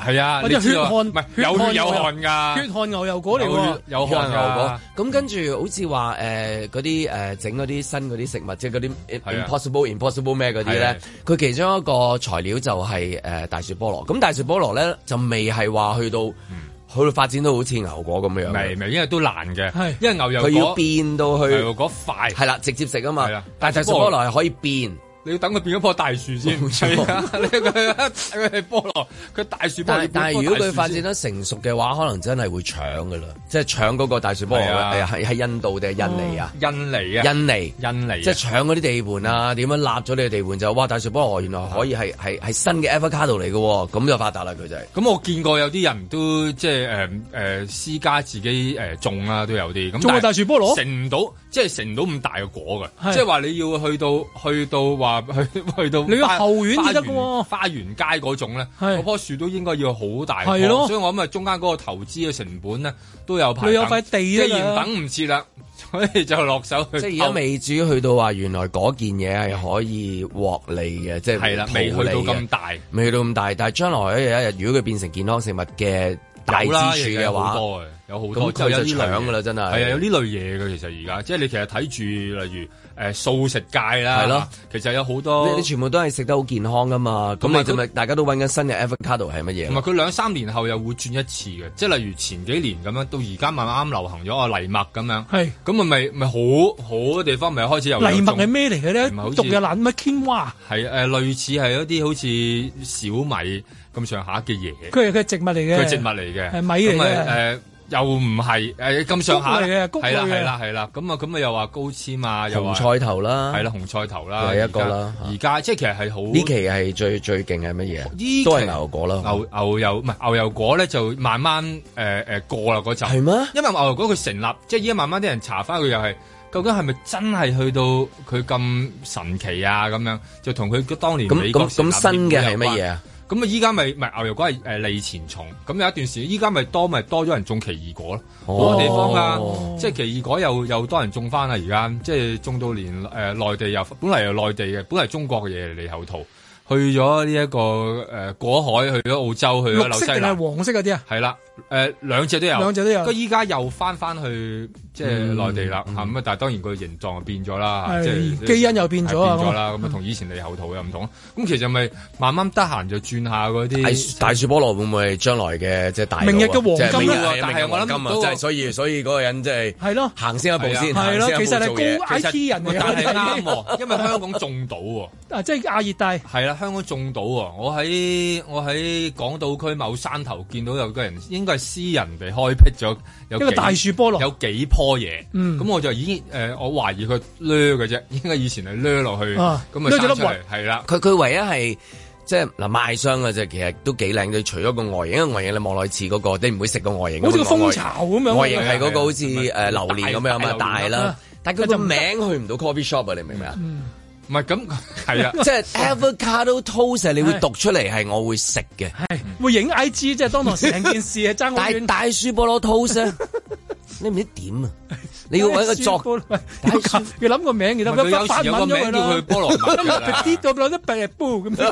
係啊，即係血汗，係有,有汗有汗噶，血汗牛油果嚟喎，有,有汗,汗牛油果。咁、啊、跟住好似話誒嗰啲誒整嗰啲新嗰啲食物，即係嗰啲 impossible、啊、impossible 咩嗰啲咧？佢、啊啊、其中一個材料就係、是、誒、呃、大樹菠蘿。咁大樹菠蘿咧就未係話去到、嗯、去到發展到好似牛果咁樣，未因為都難嘅，因為牛油果佢要變到去牛果塊，係啦、啊，直接食啊嘛。但大樹菠蘿係可以變。你要等佢變咗棵大樹先，係 [laughs] 係 [laughs] 菠蘿，佢大樹菠蘿。但係如果佢發展得成熟嘅話，可能真係會搶㗎啦。即、就、係、是、搶嗰個大樹菠蘿，係啊！印度定係印尼啊、哦？印尼啊！印尼，印尼、啊，即係搶嗰啲地盤啊？點、嗯、樣立咗你嘅地盤就哇！大樹菠蘿原來可以係係係新嘅 avocado 嚟嘅，咁就發達啦佢就係。咁我見過有啲人都即係誒誒私家自己誒、呃、種啦、啊，都有啲咁。種大樹菠蘿，成唔到，即係成唔到咁大嘅果㗎。即係話你要去到去到話。啊！去去到後院至得㗎喎，花園街嗰種咧，嗰棵樹都應該要好大棵，所以我諗中間嗰個投資嘅成本咧都有排。你有塊地即係原等唔切啦，所以就落手。去。即係而家未至於去到話原來嗰件嘢係可以獲利嘅，即係未去到咁大，未去到咁大。但係將來一日一日，如果佢變成健康食物嘅大支柱嘅話，有好多有好多有呢類啦，真係係啊，有呢、就是、類嘢嘅，其實而家即係你其實睇住，例如。誒，素食界啦，係咯，其實有好多，你全部都係食得好健康噶嘛，咁咪就咪，大家都揾緊新嘅 avocado 係乜嘢？同埋佢兩三年後又會轉一次嘅，即係例如前幾年咁樣，到而家慢慢啱流行咗個藜麥咁樣，係，咁咪咪咪好好嘅地方，咪開始有藜麥係咩嚟嘅咧？唔係有毒嘅蘭乜青蛙？係誒、呃，類似係一啲好似小米咁上下嘅嘢，佢係佢係植物嚟嘅，佢植物嚟嘅，係米嘅，咪誒。呃又唔係誒咁上下嚟嘅，係啦係啦係啦，咁啊咁啊又話高纖啊，又話紅菜頭啦，係啦紅菜頭啦，係一個啦。而家、啊、即係其實係好呢期係最最勁係乜嘢？都係牛，牛，牛，牛油果啦牛牛油唔係牛油果咧，就慢慢誒誒、呃、過啦嗰陣。係咩？因為牛油果佢成立，即係依家慢慢啲人查翻佢又係，究竟係咪真係去到佢咁神奇啊？咁樣就同佢當年咁咁新嘅係乜嘢啊？咁啊！依家咪咪牛油果係誒利前重，咁有一段時間。依家咪多咪多咗人種奇異果咯，好、哦、多地方啊，即係奇異果又又多人種翻啦。而家即係種到連誒內地又本嚟又內地嘅，本嚟中國嘅嘢嚟獼猴桃，去咗呢一個誒果海去咗澳洲去咗紐西蘭。綠色定係黃色嗰啲啊？係啦。誒、呃、兩隻都有，兩隻都有。不過依家又返返去即係、嗯、內地啦，咁、嗯、但當然個形狀就變咗啦，即係、就是、基因又變咗啦，咁啊，同、嗯、以前獼猴桃又唔同。咁其實咪慢慢得閒就轉下嗰啲大，大樹菠蘿會唔會將來嘅即係大？明日嘅黃金即係我諗啊，係所以所以嗰個人即、就、係、是、行先一步先，係咯，其實係高 I T 人嚟嘅，因為啱喎， [laughs] 因為香港種到喎，即 [laughs] 係、啊就是、亞熱帶係啦，香港種到喎，我喺我，我喺港島區某山頭見到有個人應該係私人哋開闢咗，一個大樹菠蘿有幾棵嘢，咁、嗯、我就已經誒，我懷疑佢掠嘅啫，應該以前係掠落去，咁啊生出嚟係啦。佢佢唯一係即係嗱賣相嘅啫，其實都幾靚。你除咗個外形，因為外形你望落似嗰個，你唔會食個外形，好似個蜂巢咁樣。外形係嗰個好似誒榴蓮咁樣啊大啦，但係佢個名就去唔到 coffee shop 啊，你明唔明啊？嗯唔係咁，係 [laughs] 啊，即、就、係、是、Avocado Toast，你會讀出嚟係我會食嘅，係會影 IG，即係當堂成件事爭好遠，大大樹菠蘿 Toast， [laughs] 你唔知點啊？你要搵個作，要諗個名字。其實佢有個名叫佢菠蘿蜜啦，跌咗咁。即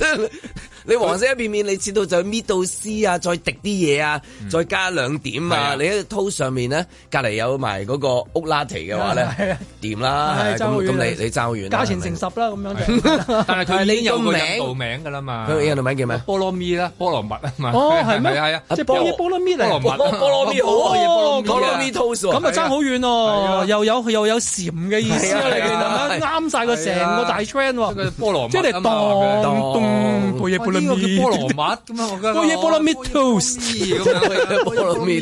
[laughs] 係 [laughs] [laughs] [laughs] [laughs] [laughs] 你黃色一片面，面，你切到就搣到絲啊，再滴啲嘢啊，再加兩點，嗯嗯 [laughs] 嗯、啊，啊啊你喺度 Toast 上面咧，隔籬有埋嗰個烏拉提嘅話咧，掂啦。咁你你揸完，價錢成十啦咁樣。 [laughs] 但係佢你有個名，名噶啦嘛。佢呢個名叫咩？菠蘿蜜啦，菠蘿蜜啊嘛。哦，係 [laughs] 咩？係啊，即係菠蘿菠蘿蜜菠蘿蜜好，菠蘿蜜 Toast 咁啊差好遠哦！又有又有蟬嘅意思啊，你哋咁樣啱晒個成個大 trend 喎，即係當動波耶菠蘿蜜咁、喔喔、啊！波、這、耶、個、菠蘿蜜 toast 咁啊！這個、菠蘿蜜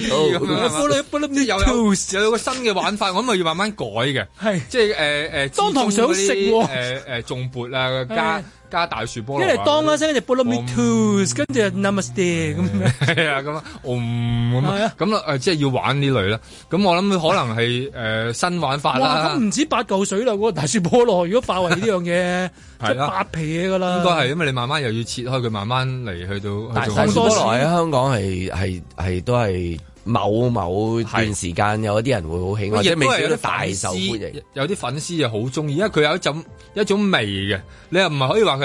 toast 又有個新嘅玩法，咁咪要慢慢改嘅，即係誒誒當堂想食誒誒重撥啊加。 [laughs] [laughs] [laughs] [laughs] 加大樹菠蘿，跟住當一聲，跟住 Bollywood tools 跟住 Number 咁啊，咁啊，咁、嗯嗯嗯嗯嗯嗯、啊，咁即係要玩呢類啦咁我諗佢可能係誒、呃、新玩法啦。哇，咁唔止八嚿水啦，嗰個大樹菠蘿。如果化為呢樣嘢，即、 [laughs] 啊、八皮嘢噶啦。應該係因為你慢慢又要切開佢，慢慢嚟去到。大樹菠蘿喺香港係係係都係某某段時間有一啲人會好喜，或者未有啲大師，有啲粉，粉絲就好中意，因為佢有一陣一種味嘅，你又唔係可以話佢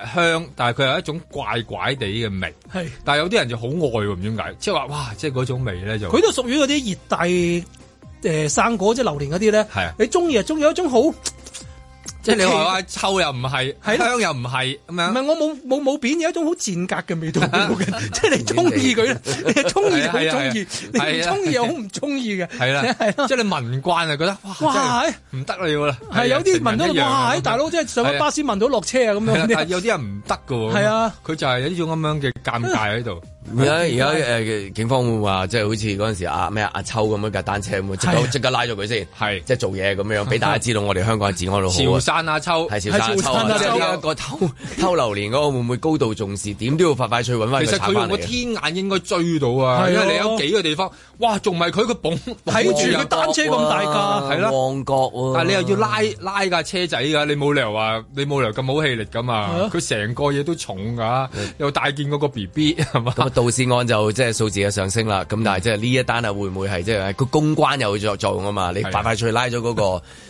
係香，但係佢係一種怪怪地嘅味。係。但係有啲人就好愛喎，唔知點解，即係話哇，即係嗰種味咧就。佢都屬於嗰啲熱帶誒生果，即係榴蓮嗰啲咧。係啊，你中意啊，中意有一種好。即、就、係、是、你話話臭又唔係，okay, 香又唔係咁樣。唔係我冇冇冇貶，有一種好賤格嘅味道。 [laughs] 即係你中意佢，你係中意就係中意，你唔中意又好唔中意嘅。係啦，即係你聞慣就覺得哇，唔得啦要啦。係有啲聞到哇，哎、大佬即係上巴士聞到落車啊咁樣。有啲人唔得噶。係啊，佢就係有呢種咁樣嘅尷尬喺度。而家誒警方會唔會即係、就是、好似嗰陣時阿咩阿秋咁樣架單車咁，即刻即刻拉咗佢先，即係、就是、做嘢咁樣，俾大家知道我哋香港係治安好。潮汕阿秋係潮汕阿秋，即個偷偷榴蓮嗰個， [laughs] 會唔會高度重視？點都要發快快脆揾翻佢。其實佢用個天眼應該追到啊，因為，你有幾個地方。哇！仲咪佢個捧睇住佢單車咁大㗎，係咯、啊，旺角喎。啊、但係你又要拉拉架車仔㗎，你冇理由話你冇理由咁冇氣力㗎嘛？佢成、啊、個嘢都重㗎， [laughs] 又帶見嗰個 B B 係嘛？咁啊，盜竊案就即係數字嘅上升啦。咁、嗯、但係即係呢一單啊，會唔會係即係個公關又有作作用啊嘛？你快快脆拉咗嗰、那個。的 [laughs]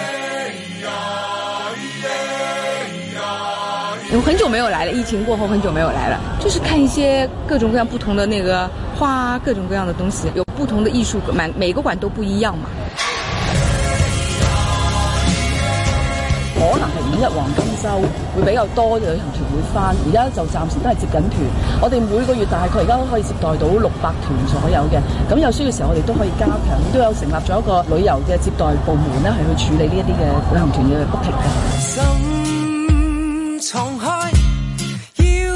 有很久沒有來了，疫情過後很久沒有來了，就是看一些各種各樣不同的那個花，各種各樣的東西，有不同的藝術館，每個館都不一樣嘛。可能係五一黃金周會比較多嘅旅行團會返，而家就暫時都係接緊團。我哋每個月大概而家都可以接待到六百團左右嘅，咁有需要嘅時候我哋都可以加強，都有成立咗一個旅遊嘅接待部門啦，係去處理呢一啲嘅旅行團嘅 booking 嘅。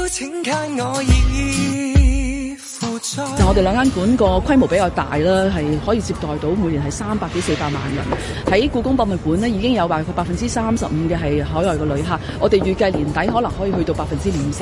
嗯、就我意，付出我哋兩間館個規模比較大啦，係可以接待到每年係三百幾四百萬人。喺故宮博物館呢，已經有話佢百分之三十五嘅，係海外嘅旅客，我哋預計年底可能可以去到百分之五十。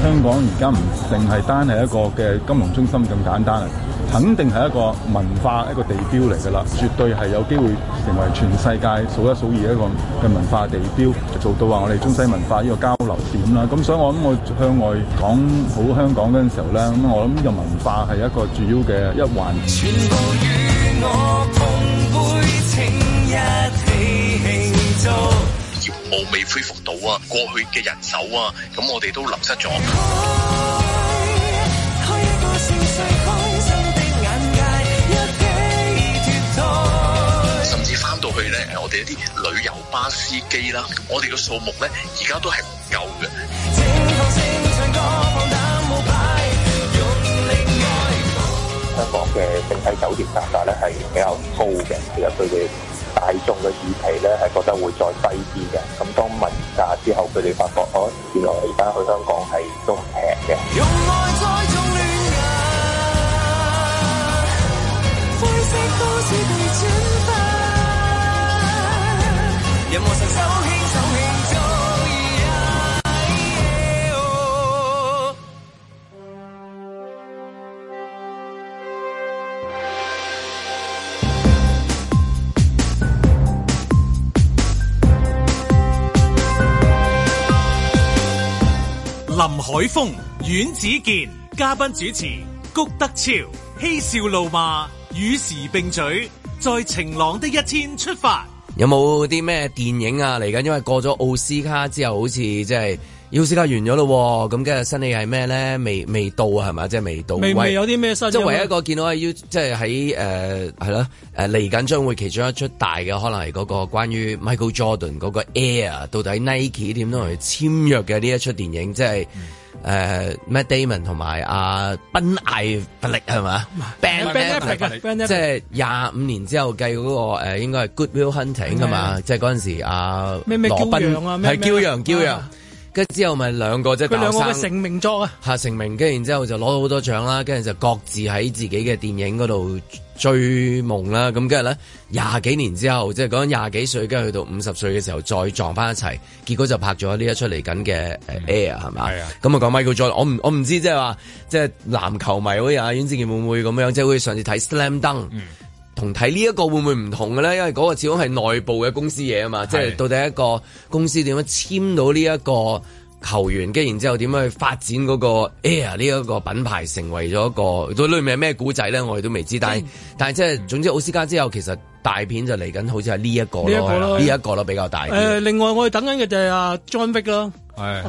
香港而家唔淨係單係一個嘅金融中心咁簡單。肯定係一個文化一個地標嚟㗎啦，絕對係有機會成為全世界數一數二一個嘅文化地標，做到話我哋中西文化呢個交流點啦。咁所以，我諗我向外講好香港嗰陣時候咧，咁我諗呢個文化係一個主要嘅一環。業務未恢復到啊，過去嘅人手啊，咁我哋都流失咗。一啲旅遊巴司機啦，我哋嘅數目咧，而家都係唔夠嘅。香港嘅整體酒店價格咧係比較高嘅，其實佢哋大眾嘅預期咧係覺得會再低啲嘅。咁當問價之後，佢哋發覺，哦，原來而家去香港係都唔平嘅。我、啊哦、林海峰、阮子健嘉賓主持，谷德超、嬉笑怒罵與時並舉，在晴朗的一天出發。有冇啲咩電影啊嚟緊？因為過咗奧斯卡之後，好似即係奧斯卡完咗咯，咁今日新戲係咩咧？未未到係咪？即係未到。未未有啲咩新，即係唯一一個見到即係喺誒係誒嚟緊將會其中一出大嘅，可能係嗰個關於 Michael Jordan 嗰個 Air 到底 Nike 點樣都去簽約嘅呢一出電影，即係。嗯誒、uh, Matt Damon 同埋阿奔艾佛力係嘛，即係廿五年之後計 𠮶 個誒，應該係 Good Will Hunting 噶嘛，即係 𠮶 陣時啊，咩咩驕陽啊，係驕陽驕陽即之後咪兩個即係佢兩個嘅成名作啊，係成名，跟住然之後就攞好多獎啦，跟住就各自喺自己嘅電影嗰度追夢啦。咁跟住咧，廿幾年之後，即係講緊廿幾歲，跟住去到五十歲嘅時候再撞翻一齊，結果就拍咗呢一出嚟緊嘅誒 Air 係、嗯、嘛，咁啊講 Michael Jordan 我唔我唔知即係話即係籃球迷好似阿袁子健會唔會咁樣，即係好似上次睇 Slam Dunk 同睇呢一個會唔會唔同嘅咧？因為嗰個始終係內部嘅公司嘢啊嘛，即係到底一個公司點樣簽到呢一個球員，跟然之後點樣去發展嗰、那個 Air 呢一個品牌，成為咗一個，佢裏面係咩古仔咧？我哋都未知，嗯。但係但係、就是，即係總之奧斯卡之後，其實大片就嚟緊，好似係呢一個咯，呢、這、一個咯，這個嗯這個、比較大。誒、呃，另外我哋等緊嘅就係啊 John Wick 啦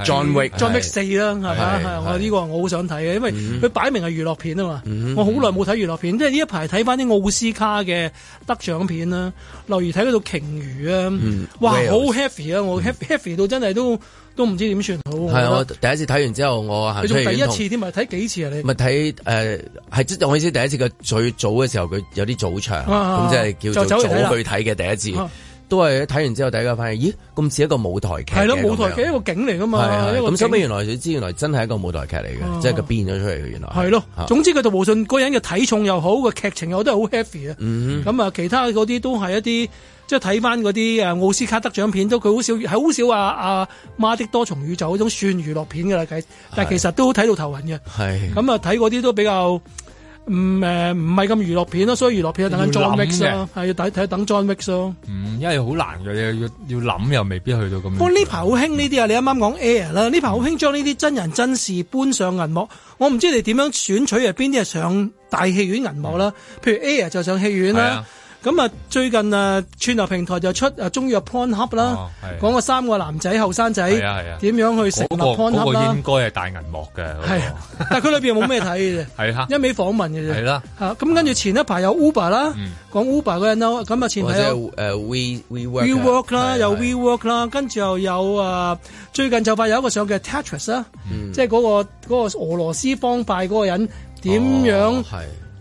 ，John Wick，John Wick 四啦，係咪？係我呢個我好想睇嘅，因為佢擺明係娛樂片啊嘛。我好耐冇睇娛樂片，即係呢一排睇翻啲奧斯卡嘅得獎片啦，例如睇嗰套鯨魚啊、嗯，哇，好 heavy 啊！我、嗯、heavy 到真係都～都唔知點算好。啊、我第一次睇完之後，我第一次添啊，睇幾次啊你？你咪睇誒，係即我意思，第一次佢最早嘅時候，佢有啲早場，咁即係叫做好具體嘅第一次。啊一次啊、都係睇完之後，第一個發現咦？咁似一個舞台劇。係咯、啊，舞台劇一個景嚟噶嘛。咁收尾，啊、原來你知，原來真係一個舞台劇嚟嘅、啊，即係佢變咗出嚟嘅原來。係咯、啊啊啊，總之佢就無論個人嘅體重又好，個劇情我都係好 happy 啊。咁、嗯、啊，其他嗰啲都係一啲。即係睇翻嗰啲誒奧斯卡得獎片都，佢好少係好少啊啊《媽的多重宇宙》嗰種算娛樂片嘅啦，但係其實都好睇到頭暈嘅。係，咁啊睇嗰啲都比較唔唔係咁娛樂片咯，所以娛樂片就等緊 John Wick 咯，係、啊、要睇睇等，等 John Wick 咯、啊。嗯，因為好難嘅，要要要諗又未必去到咁。不過呢排好興呢啲啊，你啱啱講 Air 啦，呢排好興將呢啲真人真事搬上銀幕。我唔知你點樣選取係邊啲係上大戲院銀幕啦、嗯，譬如 Air 就上戲院啦。咁啊，最近啊，串流平台就出啊，中意 Pornhub 啦、哦，講個、啊、三個男仔後生仔，點、啊啊、樣去食、那個。Pornhub 啦。應該係大銀幕嘅，係， [laughs] 但係佢裏邊冇咩睇嘅，係一味訪問嘅啫。係啦、啊，咁跟住前一排有 Uber 啦、嗯，講 Uber 嗰個人咁啊，前排有 We We Work 啦、啊，啊、有 We Work 啦，跟住又有啊，最近就快有一個戲叫 Tetris 啦、嗯，即係嗰個嗰、那個俄羅斯方塊嗰個人點樣、哦。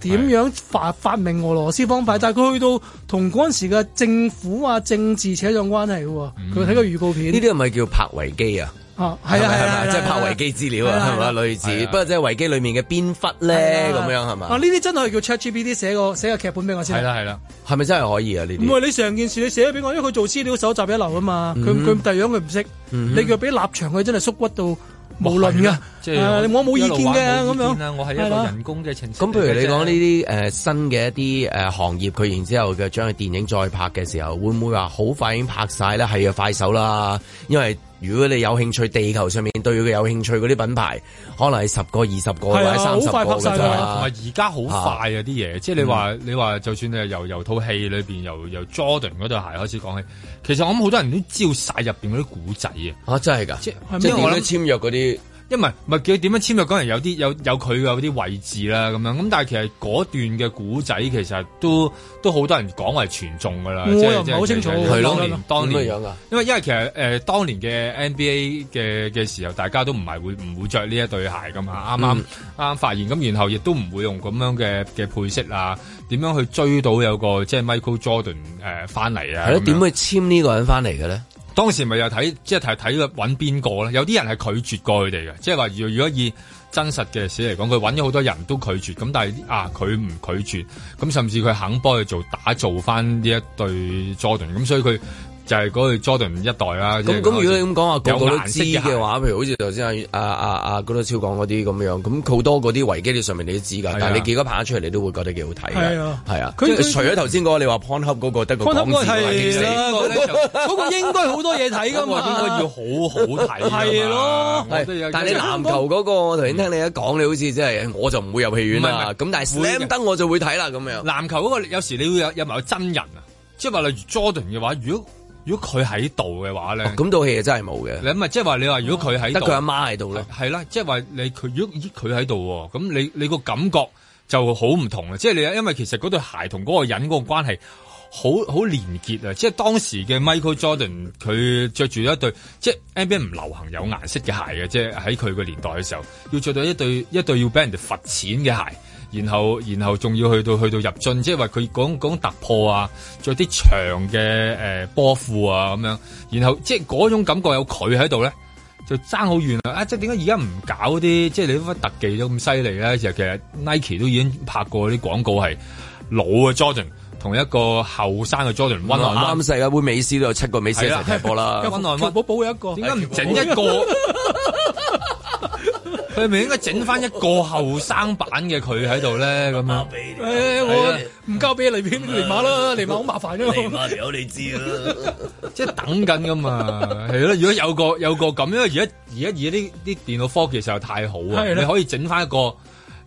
點樣發發明俄羅斯方法？但係佢去到同嗰陣時嘅政府啊、政治扯上關係嘅喎。佢睇過預告片，呢啲係咪叫拍維基啊？哦，係啊，係咪即係拍維基資料啊，係咪啊，啊、就是、啊，啊？類似，啊、不過即係維基裏面嘅邊忽咧咁樣係嘛？啊，呢啲真係叫 ChatGPT 寫個寫個劇本俾我先、啊。係啦係啦，係咪、啊、真係可以啊？呢啲唔係你成件事你寫咗俾我，因為佢做資料搜集一流啊嘛。佢佢第二樣佢唔識，你叫俾立場佢真係縮骨到。無論噶，即係、呃、我冇意見嘅咁樣，我係一個人工嘅程序。咁譬如你講呢啲誒新嘅一啲誒、呃、行業，佢然之後嘅將電影再拍嘅時候，會唔會話好快已經拍晒咧？係呀，快手啦，因為。如果你有興趣地球上面對佢有興趣嗰啲品牌，可能係十個、二十個、啊、或者三十個㗎啫、啊。同埋而家好快啊啲嘢，即係你話你話，就，是說嗯、你說就算你係由由套戲裏邊由由 Jordan 嗰對鞋開始講起，其實我諗好多人都知道晒入邊嗰啲古仔啊！啊，真係㗎，即係點解簽約嗰啲？因唔係唔係叫點樣簽約嗰人有啲有有佢嘅嗰啲位置啦，咁樣，咁但係其實嗰段嘅古仔其實都都好多人講話係傳頌噶啦。我又唔係好清楚。佢當年當年因為因為其實誒當年嘅 NBA 嘅嘅時候，大家都唔係會唔會着呢一對鞋噶嘛？啱啱啱啱發現咁，然後亦都唔會用咁樣嘅嘅配色啊，點樣去追到有個即係 Michael Jordan 誒翻嚟啊？係咯，點會簽呢個人翻嚟嘅咧？當時咪又睇，即係睇睇搵邊個咧？有啲人係拒絕過佢哋嘅，即係話如如果以真實嘅歷史嚟講，佢搵咗好多人都拒絕，咁但係啊，佢唔拒絕，咁甚至佢肯幫佢做打造返呢一對 Jordan，咁所以佢。就係嗰個 Jordan 一代啦。咁、就、咁、是，如果你咁講話，個個都知嘅話，譬如好似頭先阿阿阿阿高超講嗰啲咁樣，咁好多嗰啲維基啲上面你都知㗎、啊。但係你見嗰拍出嚟，你都會覺得幾好睇嘅。啊，係啊。除咗頭先嗰個，你話 PonHub 嗰個得個光字幕驚死。嗰個應該好多嘢睇㗎嘛。應該要好好睇。係咯、啊。係。但係籃球嗰、那個，我頭先聽你一講，你好似即係，我就唔會入戲院咁，但係。Slam Dunk 我就會睇啦。咁樣。籃球嗰、那個有時你會有有埋真人啊，即係話例如 Jordan 嘅話，如果。如果佢喺度嘅話咧，咁套戲真係冇嘅。你唔係，即係話你話，如果佢喺度佢阿媽喺度咧，係啦，即係話你佢。如果佢喺度喎，咁你你個感覺就好唔同啦。即係你因為其實嗰對鞋同嗰個人嗰個關係好好連結啊。即係當時嘅 Michael Jordan，佢着住一對即係 NBA 唔流行有顏色嘅鞋嘅，即係喺佢個年代嘅時候，要着到一對一對要俾人哋罰錢嘅鞋。然後，然後仲要去到去到入進，即係話佢講講突破啊，着啲長嘅誒、呃、波褲啊咁樣。然後即係嗰種感覺有佢喺度咧，就爭好遠啦！啊，即係點解而家唔搞啲即係你乜特技都咁犀利咧？其實其實 Nike 都已經拍過啲廣告係老嘅 Jordan 同一個後生嘅 Jordan、嗯、One o 啱杯美斯都有七個美斯、啊、踢波啦，喬 [laughs] 寶寶有一個，點解唔整一個？哎 [laughs] 佢咪應該整翻一個後生版嘅佢喺度咧，咁 [laughs] 樣。誒、欸，我唔交俾你，片黎馬啦，你馬好麻煩嘅。有你知啦，即係等緊噶嘛，係咯。如果有個有個咁，因為而家而家而家啲啲電腦科技實在太好啊，你可以整翻一個。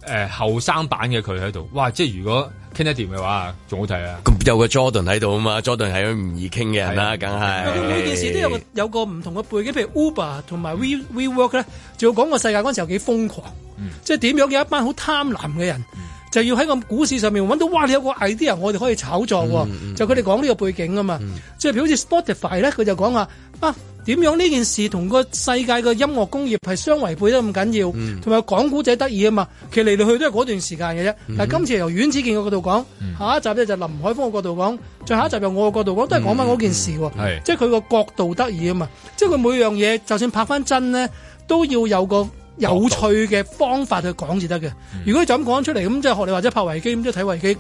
誒後生版嘅佢喺度，哇！即係如果傾得掂嘅話，仲好睇啊！咁有、啊啊、有，有個 Jordan 喺度啊嘛，Jordan 係唔易傾嘅人啦，梗係。每件事都有個有個唔同嘅背景，譬如 Uber 同埋 We WeWork 咧，仲要講過世界嗰陣時候幾瘋狂，嗯、即係點樣嘅一班好貪婪嘅人。嗯就要喺個股市上面揾到，哇！你有個 idea，我哋可以炒作喎、嗯嗯。就佢哋講呢個背景啊嘛，即係譬如好似 Spotify 咧，佢就講話啊點樣呢件事同個世界嘅音樂工業係相違背得咁緊要，同埋講古仔得意啊嘛。其實嚟嚟去都係嗰段時間嘅啫、嗯。但係今次由阮子健嘅角度講、嗯、下一集呢就林海峰嘅角度講、嗯，最下一集由我嘅角度講，都係講翻嗰件事喎、啊嗯。即係佢個角度得意啊嘛。即係佢每樣嘢，就算拍翻真呢，都要有個。有趣嘅方法去講至得嘅。如果你就咁講出嚟，咁即係學你或者拍維基，咁即係睇維基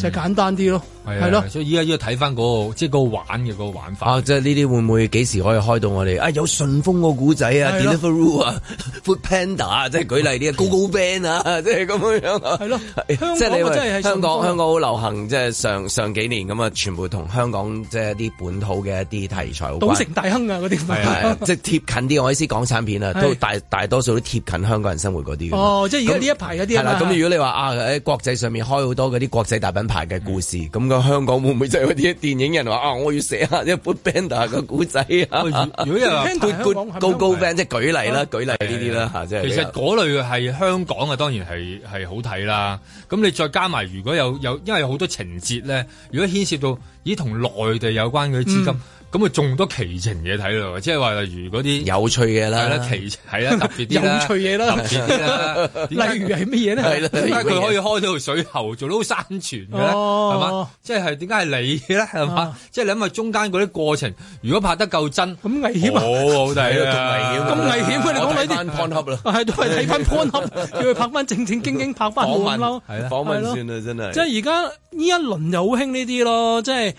就簡單啲咯。係咯、啊啊，所以依家要睇返嗰個，即、就、係、是、個玩嘅嗰個玩法。啊，即係呢啲會唔會幾時可以開到我哋、哎？有順豐個故仔啊，啊，Deliveroo 啊 [laughs] ，Food Panda 啊，即、就、係、是、舉例啲 GoGoVan 啊，即係咁樣啊。係咯、啊，香港即你真香港香港好流行，即係上，上幾年咁啊，全部同香港即係一啲本土嘅一啲題材好。賭城大亨啊，嗰啲係啊，即 [laughs] 係、啊就是、貼近啲，我意思港產片啊，都大，大多數都貼近香港人生活嗰啲、啊。哦，即係而家呢一排嗰啲係啦。咁、啊啊啊、如果你話啊，喺國際上面開好多嗰啲國際大品牌嘅故事咁。嗯香港會唔會就係嗰啲電影人話啊？我要寫一下一部 band 嘅古仔啊！如果有 [laughs] 香港高高 band，即係舉例啦、呃，舉例呢啲啦吓，即係其實嗰類係香港啊，當然係係好睇啦。咁你再加埋，如果有有，因為有好多情節咧，如果牽涉到已同內地有關嘅資金。嗯咁啊，仲多奇情嘢睇咯，即係話例如嗰啲有趣嘅啦，奇係 [laughs] 啦，特別啲有趣嘢啦，特別啲啦。例如係乜嘢咧？係啦，點解佢可以開到水喉做到山泉嘅咧？係、哦、嘛，即係點解係你嘅咧？係、啊、嘛，即係你諗下中間嗰啲過程，如果拍得夠真，咁、啊、危險啊！好好睇咁、啊、危險、啊啊，我睇翻 pan 啦，係都係睇翻 p a 叫佢拍翻正正經經，拍翻好咁嬲，係啦，係咯，即係而家呢一輪又好興呢啲咯，即係。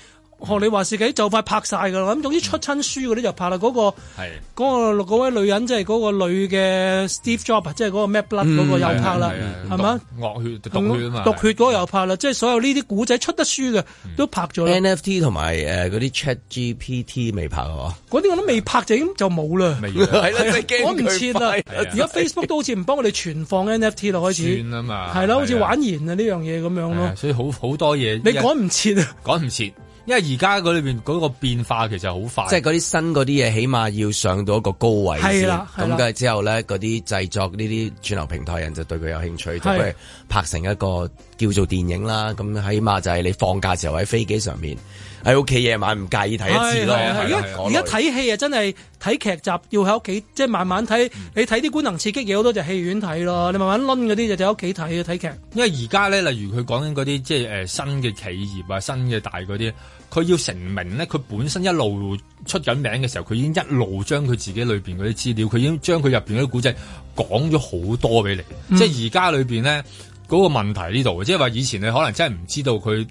學你話事嘅就快拍晒噶啦，咁總之出親書嗰啲就拍啦。嗰、那個嗰、那個嗰位女人即係嗰個女嘅 Steve Jobs，即係嗰個 Bad Blood 嗰個又拍啦，係、嗯、咪？惡血毒，毒血啊嘛，毒血嗰個又拍啦。即係、就是、所有呢啲古仔出得書嘅都拍咗、嗯。NFT 同埋誒嗰啲 Chat GPT 未拍嗰啲我都未拍就已經就冇啦，係啦，趕唔切啦。而家 Facebook 都好似唔幫我哋存放 NFT 咯， [laughs] 開始轉啊嘛，係啦，好似玩完啊呢樣嘢咁樣咯。所以好好多嘢，你趕唔切，趕唔切。因為而家嗰裏邊嗰個變化其實好快，即係嗰啲新嗰啲嘢，起碼要上到一個高位先，咁嘅之後咧，嗰啲製作呢啲串流平台人就對佢有興趣，就不如拍成一個。叫做電影啦，咁起碼就係你放假時候喺飛機上面，喺屋企夜晚唔介意睇一次咯。而家而家睇戲啊，真係睇劇集要喺屋企，即、就、係、是、慢慢睇、嗯。你睇啲官能刺激嘢好多就戲院睇咯、嗯，你慢慢攆嗰啲就就喺屋企睇嘅睇劇。因為而家咧，例如佢講緊嗰啲即係、呃、新嘅企業啊，新嘅大嗰啲，佢要成名咧，佢本身一路出緊名嘅時候，佢已經一路將佢自己裏面嗰啲資料，佢已經將佢入邊嗰啲古仔講咗好多俾你。嗯、即係而家裏邊咧。嗰個問題呢度，即係話以前你可能真係唔知道佢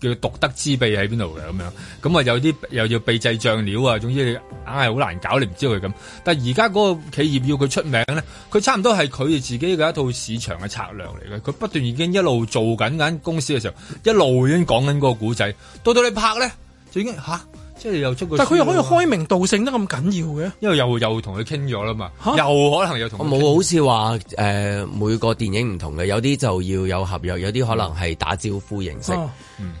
嘅獨得之秘喺邊度嘅。咁樣，咁啊有啲又要秘製醬料啊，總之你硬係好難搞，你唔知道佢咁。但係而家嗰個企業要佢出名咧，佢差唔多係佢哋自己嘅一套市場嘅策略嚟嘅。佢不斷已經一路做緊間公司嘅時候，一路已經講緊嗰個古仔，到到你拍咧就已經嚇即係又過過但佢又可以開明道姓得咁緊要嘅，因為又又同佢傾咗啦嘛，又可能又同冇好似話、呃、每個電影唔同嘅，有啲就要有合約，有啲可能係打招呼形式，啊、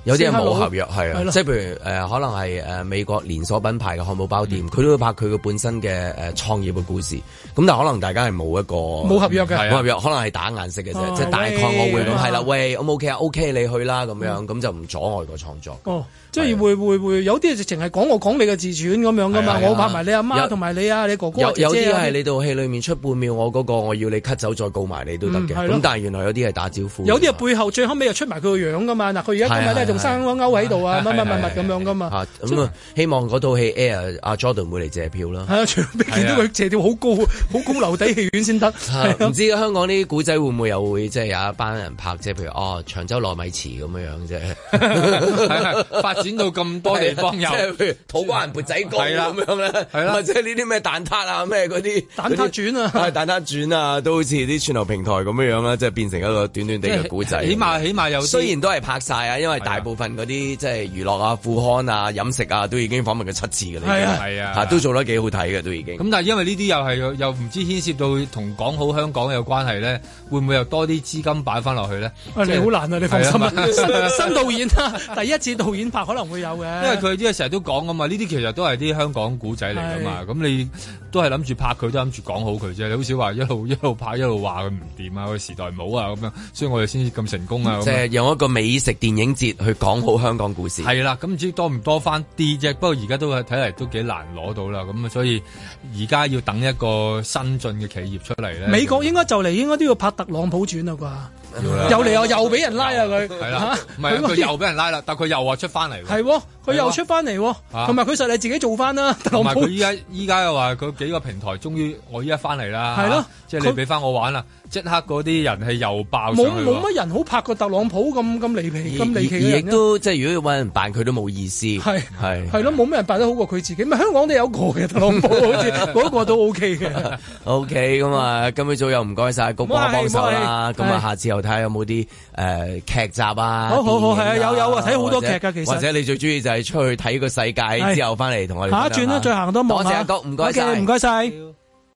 有啲係冇合約係啊，即係譬如、呃、可能係美國連鎖品牌嘅漢堡包店，佢、嗯、都會拍佢嘅本身嘅、呃、創業嘅故事，咁但係可能大家係冇一個冇合約嘅冇、嗯、合約，可能係打顏色嘅啫、啊，即係大概我會係啦，喂，O 唔 OK 啊？OK，你去啦咁樣，咁、嗯、就唔阻礙個創作。哦即、就、係、是、會是、啊、會會有啲直情係講我講你嘅自傳咁樣噶嘛，啊、我拍埋你阿媽同埋你啊，你哥哥姐姐有啲係你套戲裏面出半秒我嗰個，我要你咳走再告埋你都得嘅。咁、嗯啊、但係原來有啲係打招呼。有啲係背後最後尾又出埋佢個樣噶嘛。佢而家今日都仲生勾喺度啊，乜乜乜物咁樣噶嘛。咁啊，希望嗰套戲 Air 阿 Jordan 會嚟借票啦。係啊，全部見到佢借票好高啊，好高樓底戲院先得。唔知香港啲古仔會唔會又會即係有一班人拍啫？譬如哦長洲糯米糍咁樣啫，展到咁多地方，又係土瓜灣砵仔糕咁樣咧，或者呢啲咩蛋撻啊，咩嗰啲蛋撻轉啊，蛋撻轉啊，都好似啲串流平台咁樣樣啦，即、就、係、是、變成一個短短哋嘅古仔。起碼起碼又雖然都係拍晒啊，因為大部分嗰啲、啊、即係娛樂啊、富康啊、飲食啊，都已經訪問咗七次嘅啦。係啊，啊，都做得幾好睇嘅都已經。咁但係因為呢啲又係又唔知牽涉到同講好香港有關係咧，會唔會又多啲資金擺翻落去咧、啊就是？你好難啊！你放心、啊啊、 [laughs] 新，新導演啊， [laughs] 第一次導演拍。可能會有嘅，因為佢啲係成日都講㗎嘛，呢啲其實都係啲香港古仔嚟噶嘛。咁你都係諗住拍佢，都諗住講好佢啫。你好少話一路一路拍一路話佢唔掂啊，佢時代冇啊咁樣，所以我哋先至咁成功啊。即、嗯、係、就是、用一個美食電影節去講好香港故事。係、哦、啦，咁唔知多唔多翻啲啫。不過而家都係睇嚟都幾難攞到啦。咁啊，所以而家要等一個新進嘅企業出嚟咧。美國應該就嚟應該都要拍特朗普傳啦啩。又嚟啊！啊又俾人拉啊佢，吓，唔係佢又俾人拉啦，但佢又話出翻嚟。係，佢又出翻嚟，同埋佢實你自己做翻啦。同埋佢依家依家又話佢幾個平台終於我依家翻嚟啦。係咯，即、啊、係、係、你俾翻我玩啦。即刻嗰啲人係又爆，冇冇乜人好拍過特朗普咁咁離奇、咁離奇亦都即係，如果要揾人扮佢，都冇意思。係係係咯，冇乜人扮得好過佢自己。香港都有個嘅特朗普好，好似嗰個都 O K 嘅。O K，咁啊，今日早又唔該曬局哥幫手啦。咁啊，下次又睇下有冇啲劇集啊，好好好，係啊，有有啊，睇好多劇噶。其實或者你最中意就係出去睇個世界之後翻嚟同我哋。嚇轉啦，再行多望多謝局。唔該曬，唔該曬。